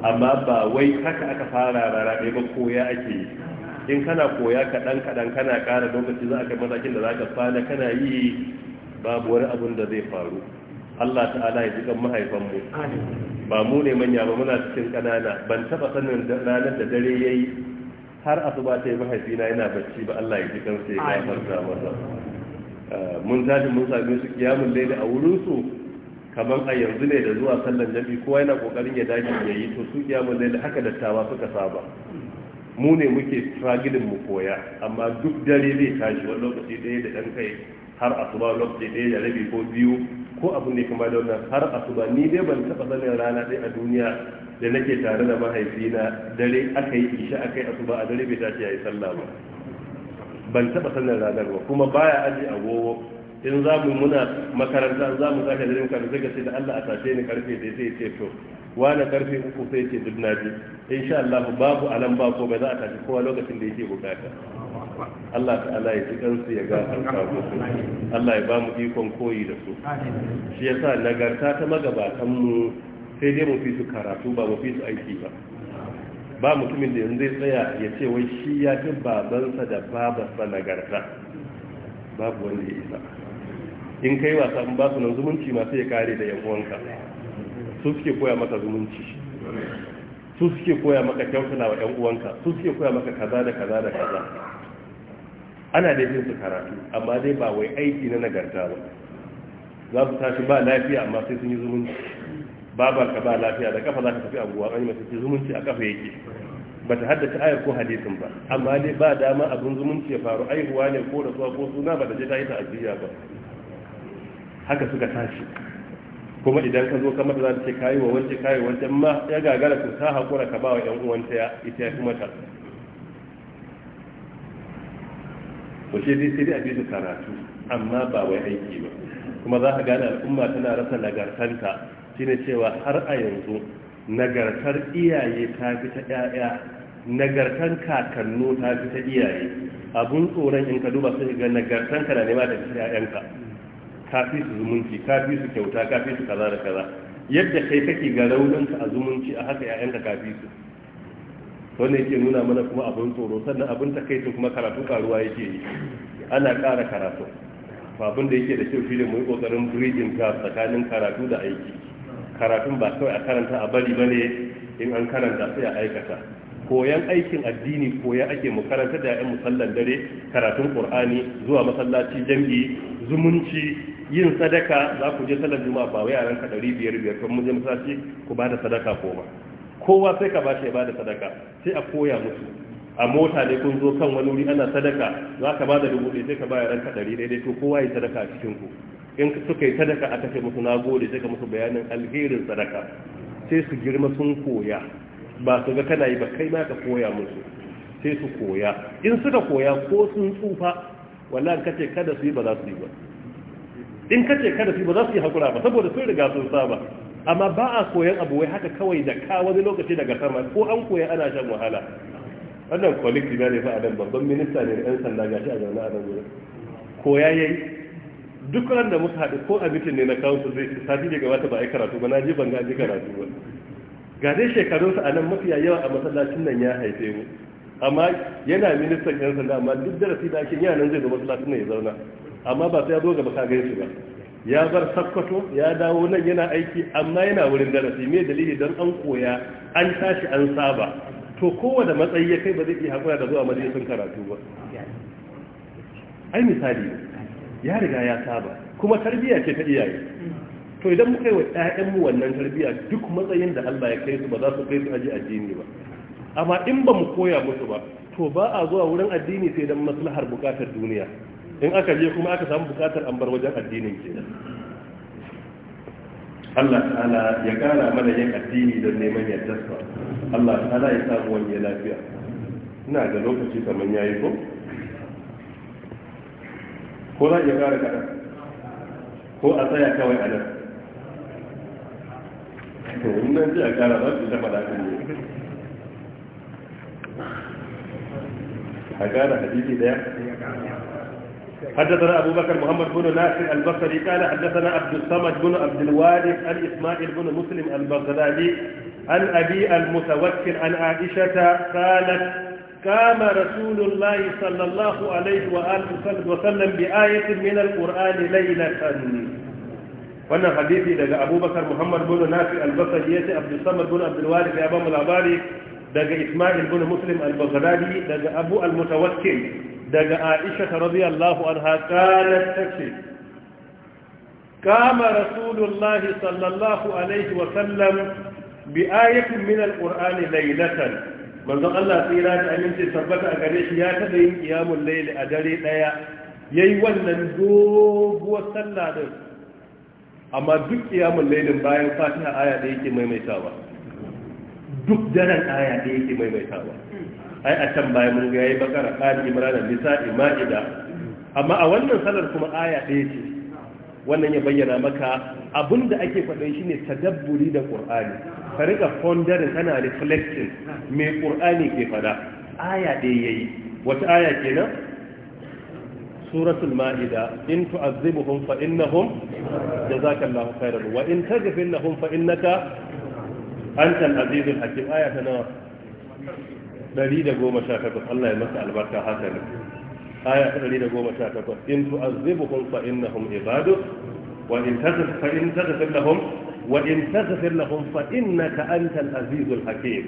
أما با وي حكا أكفارا رأي بقويا أكي in kana koya kaɗan kaɗan kana ƙara lokaci za a kai matakin da za ka kwana kana yi babu wani abun da zai faru Allah ta'ala ya jikan mahaifanmu ba mu ne manya ba muna cikin ƙanana ban taɓa sanin ranar da dare ya yi har asuba ta yi mahaifina yana bacci ba Allah ya jikan sai ya farta masa eh, mun tashi mun sami su kiyamun laili a wurinsu kamar a yanzu ne da zuwa sallan jami'i kowa yana kokarin ya dage ya yi to su kiyamun laili haka dattawa suka saba mu ne muke tragedin mu koya amma duk dare zai tashi wani lokaci ɗaya da ɗan kai har asuba lokaci ɗaya da rabi ko biyu ko abu ne kuma da wannan har asuba ni dai ban taɓa sanin rana ɗaya a duniya da nake tare da mahaifina dare aka yi isha aka yi asuba a dare bai tashi ya yi sallah ba ban taɓa sanin ranar ba kuma baya aji agogo in za mu muna makaranta za mu sake dare mu karfe sai da Allah a tashe ni karfe da sai ce to wani karfe uku sai ce duk na bi insha Allah babu alam ba ko ba za a tafi kowa lokacin da yake bukata Allah ta'ala ya ji kansu ya ga alƙawo su Allah ya ba mu ikon koyi da su shi yasa nagarta ta magabatan mu sai dai mu fi su karatu ba mu fi su aiki ba ba mutumin da yanzu zai tsaya ya ce wai shi ya fi babansa da babarsa nagarta babu wanda ya isa in kai wasa in ba su nan zumunci masu ya kare da yan uwanka su suke koya maka zumunci su suke koya maka kyautana wa 'yan uwanka su suke koya maka kaza da kaza da kaza ana dai su karatu amma dai ba wai aiki na nagarta ba za su tashi ba lafiya amma sai sun yi zumunci babarka ba lafiya da kafa za ka tafi abuwa an yi masu ce zumunci a kafa yake ba ta haddace ayar ko hadisin ba amma dai ba dama abin zumunci ya faru aihuwa ne ko da rasuwa ko suna ba da je ta yi ajiya ba haka suka tashi kuma idan ka zo ka mata za ta ce kayi wa wance kayi wance ma ya gagara to ta haƙura ka ba wa ɗan uwanta ta ita ya fi mata to shi dai sai a bisa karatu amma ba wai aiki ba kuma za ka gane al'umma tana rasa nagartanta shine cewa har a yanzu nagartar iyaye ta fi ta ƴaƴa nagartar kakanno ta fi ta iyaye abun tsoron in ka duba sai ga nagartar ka na nema da ƴaƴanka kafi su zumunci kafi su kyauta kafi su kaza da kaza yadda kai kake ga raunanka a zumunci a haka ƴaƴanka kafi su wannan yake nuna mana kuma abin tsoro sannan abin ta takaici kuma karatu karuwa yake yi ana ƙara karatu abin da yake da kyau shi ne mu yi ƙoƙarin bridging gap tsakanin karatu da aiki karatun ba kawai a karanta a bari bane in an karanta sai a aikata koyan aikin addini koyan ake mu karanta da 'yan musallan dare karatun qur'ani zuwa masallaci jam'i zumunci yin sadaka za ku je sallar juma'a ba wai yaran ka ɗari biyar biyar kan muje je ku ba da sadaka ko ba kowa sai ka bashi ya ba da sadaka sai a koya musu a mota ne kun zo kan wani wuri ana sadaka za ka ba da dubu ɗaya sai ka ba yaran ka ɗari daidai to kowa ya sadaka a cikin ku in suka yi sadaka aka ce musu nagode sai ka musu bayanin alherin sadaka sai su girma sun koya ba su ga kana yi ba kai ma ka koya musu sai su koya in suka koya ko sun tsufa wallahi kace kada su yi ba za su yi ba in ka ce kada su ba za su yi hakura ba saboda sun riga sun saba amma ba a koyan abu wai haka kawai da ka wani lokaci daga sama ko an koya ana shan wahala wannan kwaliki na ne fa adam babban minista ne da yan sanda gashi a zaune a nan gudu. koya yayi duk ran da muka haɗu ko a mitin ne na kansu zai ci sati gaba ta ba a yi karatu ba na ji ban gaji karatu ba ga dai sa a nan mafiya yawa a masallacin nan ya haife mu amma yana ministan yan sanda amma duk darasi da ake nan zai zama masallacin nan ya zauna amma ba sai ya zo gaba ka gaisu ba ya bar sakkwato ya dawo nan yana aiki amma yana wurin darasi me dalili don an koya an tashi an saba to kowane matsayi ya kai ba zai iya hakura da zuwa majalisun karatu ba ai misali ya riga ya saba kuma tarbiyya ce ta iyaye to idan muka yi wa mu wannan tarbiyya duk matsayin da Allah ya kai su ba za su kai su aji addini ba amma in ba mu koya musu ba to ba a zuwa wurin addini sai dan maslahar bukatar duniya in aka je kuma aka samu bukatar an bar wajen addinin ke Allah ta'ala ya kara mana yin addini don neman tasfa Allah ta'ala ya samu wani lafiya ina da lokaci kamar yi ko ko za iya kara kaɗan ko a tsaya kawai a nan nan ji a kara za su dafa daɗin ne a kara hadisi ɗaya حدثنا أبو بكر محمد بن ناصر البصري قال حدثنا عبد الصمد بن عبد الوارث عن إسماعيل بن مسلم البغدادي عن أبي المتوكل عن عائشة قالت قام رسول الله صلى الله عليه وآله وسلم بآية من القرآن ليلة wannan hadisi daga abubakar muhammad bin nafi albasari ya ce abdulsamad bin abdulwari ya ba mu labari daga ismail bin muslim al-baghdadi daga abu al-mutawakkil daga aisha ta radiyallahu anha qalat tace kama rasulullahi sallallahu alaihi bi min laylatan Allah tsira da aminci tabbata a gare shi ya tada yin qiyamul layl a dare daya yayi wannan dogo sallah din amma duk qiyamul laylin bayan fatiha aya da yake maimaitawa duk daren aya da yake maimaitawa ai a can baya mun ga yayi bakara ali imran nisa'i ma'ida amma a wannan salar kuma aya ɗaya ce wannan ya bayyana maka abinda ake faɗin shine tadabburi da qur'ani ka rika pondering kana reflecting me qur'ani ke faɗa aya ɗaya yayi wata aya kenan suratul ma'ida in tu'azzibuhum fa innahum jazakallahu khairan wa in taghfir fa innaka antal azizul hakim aya ta nawa 118 Allah ya masa albarka haka ne aya ta 118 in tu'azzibuhum fa innahum ibaduk wa in tazkir fa in tazkir lahum wa in tazkir lahum fa innaka antal azizul hakim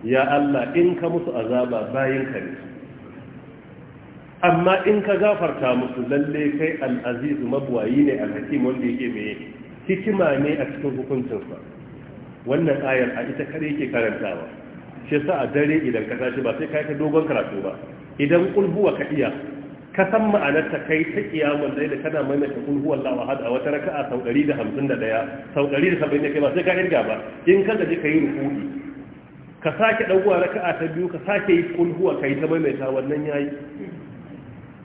ya Allah in ka musu azaba bayin ka ne amma in ka gafarta musu lalle kai al-aziz mabwayi ne al-hakim wanda yake me hikima ne a cikin hukuncinsa wannan ayar a ita kare yake karantawa shi sa a dare idan ka tashi ba sai ka ta dogon karatu ba idan kulhuwa ka iya ka san ma'anar ta kai ta kiyamun dai da kana maimaita kulhuwa lawa hada a wata raka'a sau 151 sau 170 kai ba sai ka irga ba in ka gaji ka yi rukuni ka sake ɗauwa raka'a ta biyu ka sake yi kulhuwa ka yi ta maimaita wannan yayi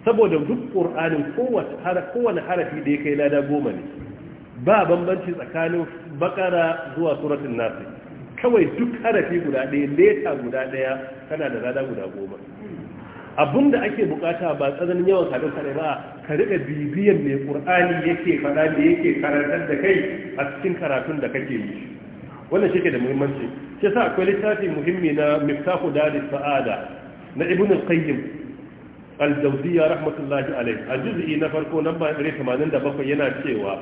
saboda duk ƙur'anin kowane harafi da ya kai lada goma ne ba bambanci tsakanin bakara zuwa suratun nasi kawai duk harafi guda ɗaya leta guda ɗaya kana da rana guda goma abin da ake bukata ba tsananin yawan kaɗin kaɗai ba ka riƙa bibiyan mai ƙur'ani yake faɗa da yake karantar da kai a cikin karatun da kake yi wannan shi ke da muhimmanci shi sa akwai littafi muhimmi na miftahu dadi sa'ada na ibn al-qayyim al jawziya rahmatullahi alayhi a juz'i na farko namba 187 yana cewa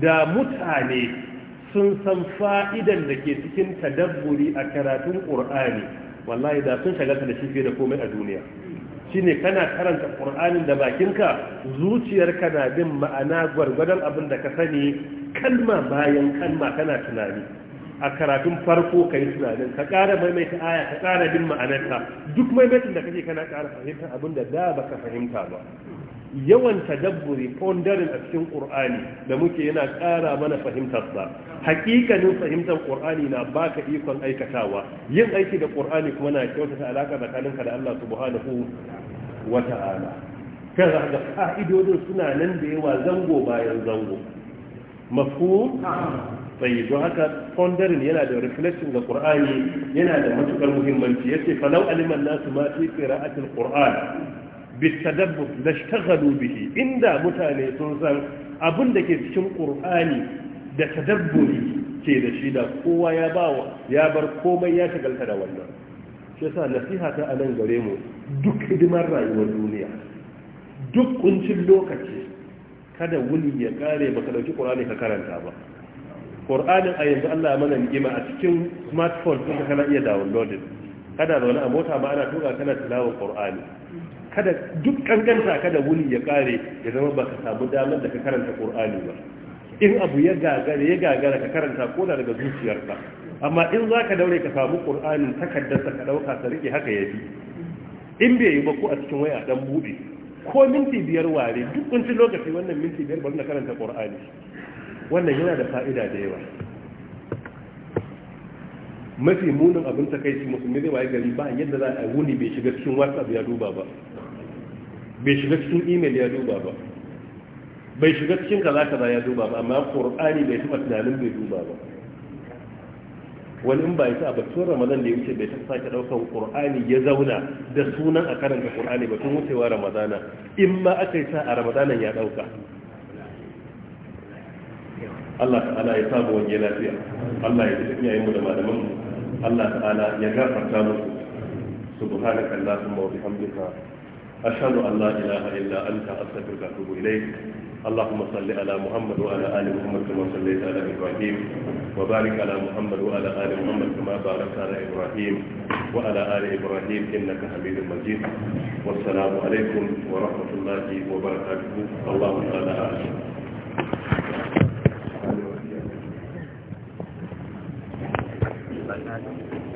da mutane sun san fa'idan da ke cikin tadabburi a karatun ƙur'ani wallahi da sun shagalta da shi fiye da komai a duniya ne kana karanta ƙur'anin da bakinka zuciyarka na bin ma'ana gwargwadon abin da ka sani kalma bayan kalma kana tunani a karatun farko ka yi tunanin ka ƙara maimaita aya ka ƙara bin ma'anarta duk maimaitin da kake kana ƙara fahimtar abin da da baka fahimta ba yawan tadabburi pondarin a cikin ƙur'ani da muke yana ƙara mana fahimtar fahimtarsa hakikanin fahimtar ƙur'ani na baka ikon aikatawa yin aiki da ƙur'ani kuma na kyautata alaƙa tsakaninka da Allah subhanahu wa ta'ala kan ga fa'idodin suna nan da yawa zango bayan zango mafhum sai don haka pondering yana da reflection ga ƙur'ani yana da matukar muhimmanci yace falau aliman nasu ma fi qira'atil qur'an bitadabbur da shtagalu bihi inda mutane sun san abin da ke cikin qur'ani da tadabburi ke da shi da kowa ya ya bar komai ya shagalta da wannan shi yasa nasiha ta anan gare mu duk hidimar rayuwar duniya duk kuncin lokaci kada wuni ya kare baka dauki qur'ani ka karanta ba qur'anin a yanzu Allah mana ni'ima a cikin smartphone kuma kana iya downloading kada da wani a mota ba ana tuka kana tilawar qur'ani kada duk kankanta kada wuni ya kare ya zama ba ka samu damar da ka karanta qur'ani ba in abu ya gagara ya gagara ka karanta ko da daga zuciyarka amma in za ka daure ka samu qur'anin takardarsa ka ɗauka, ka rike haka yafi in bai yi ba ko a cikin waya dan buɗe, ko minti biyar ware duk kuncin lokaci wannan minti biyar bari na karanta ƙur'ani. wannan yana da fa'ida da yawa mafi munin abin takaici musulmi zai waye gari ba yadda za a wuni bai shiga cikin whatsapp ya duba ba bai shiga cikin imel ya duba ba bai shiga cikin kaza kaza ya duba ba amma qur'ani bai taba tunanin bai duba ba wani in ba ya sa batun ramadan da ya wuce bai taba sake daukan qur'ani ya zauna da sunan a karanta qur'ani ba tun wucewa ramadana in ma aka yi sa a ramadanan ya dauka Allah ta'ala ya samu wani lafiya Allah ya tafi yayin mu da malaman mu Allah ta'ala ya gafarta musu subhanaka allahumma wa bihamdika أشهد أن لا إله إلا أنت أستغفرك وأتوب إليك اللهم صل على محمد وعلى آل محمد كما صليت على إبراهيم وبارك على محمد وعلى آل محمد كما باركت على إبراهيم وعلى آل إبراهيم إنك حميد مجيد والسلام عليكم ورحمة الله وبركاته الله تعالى أعلم Thank you.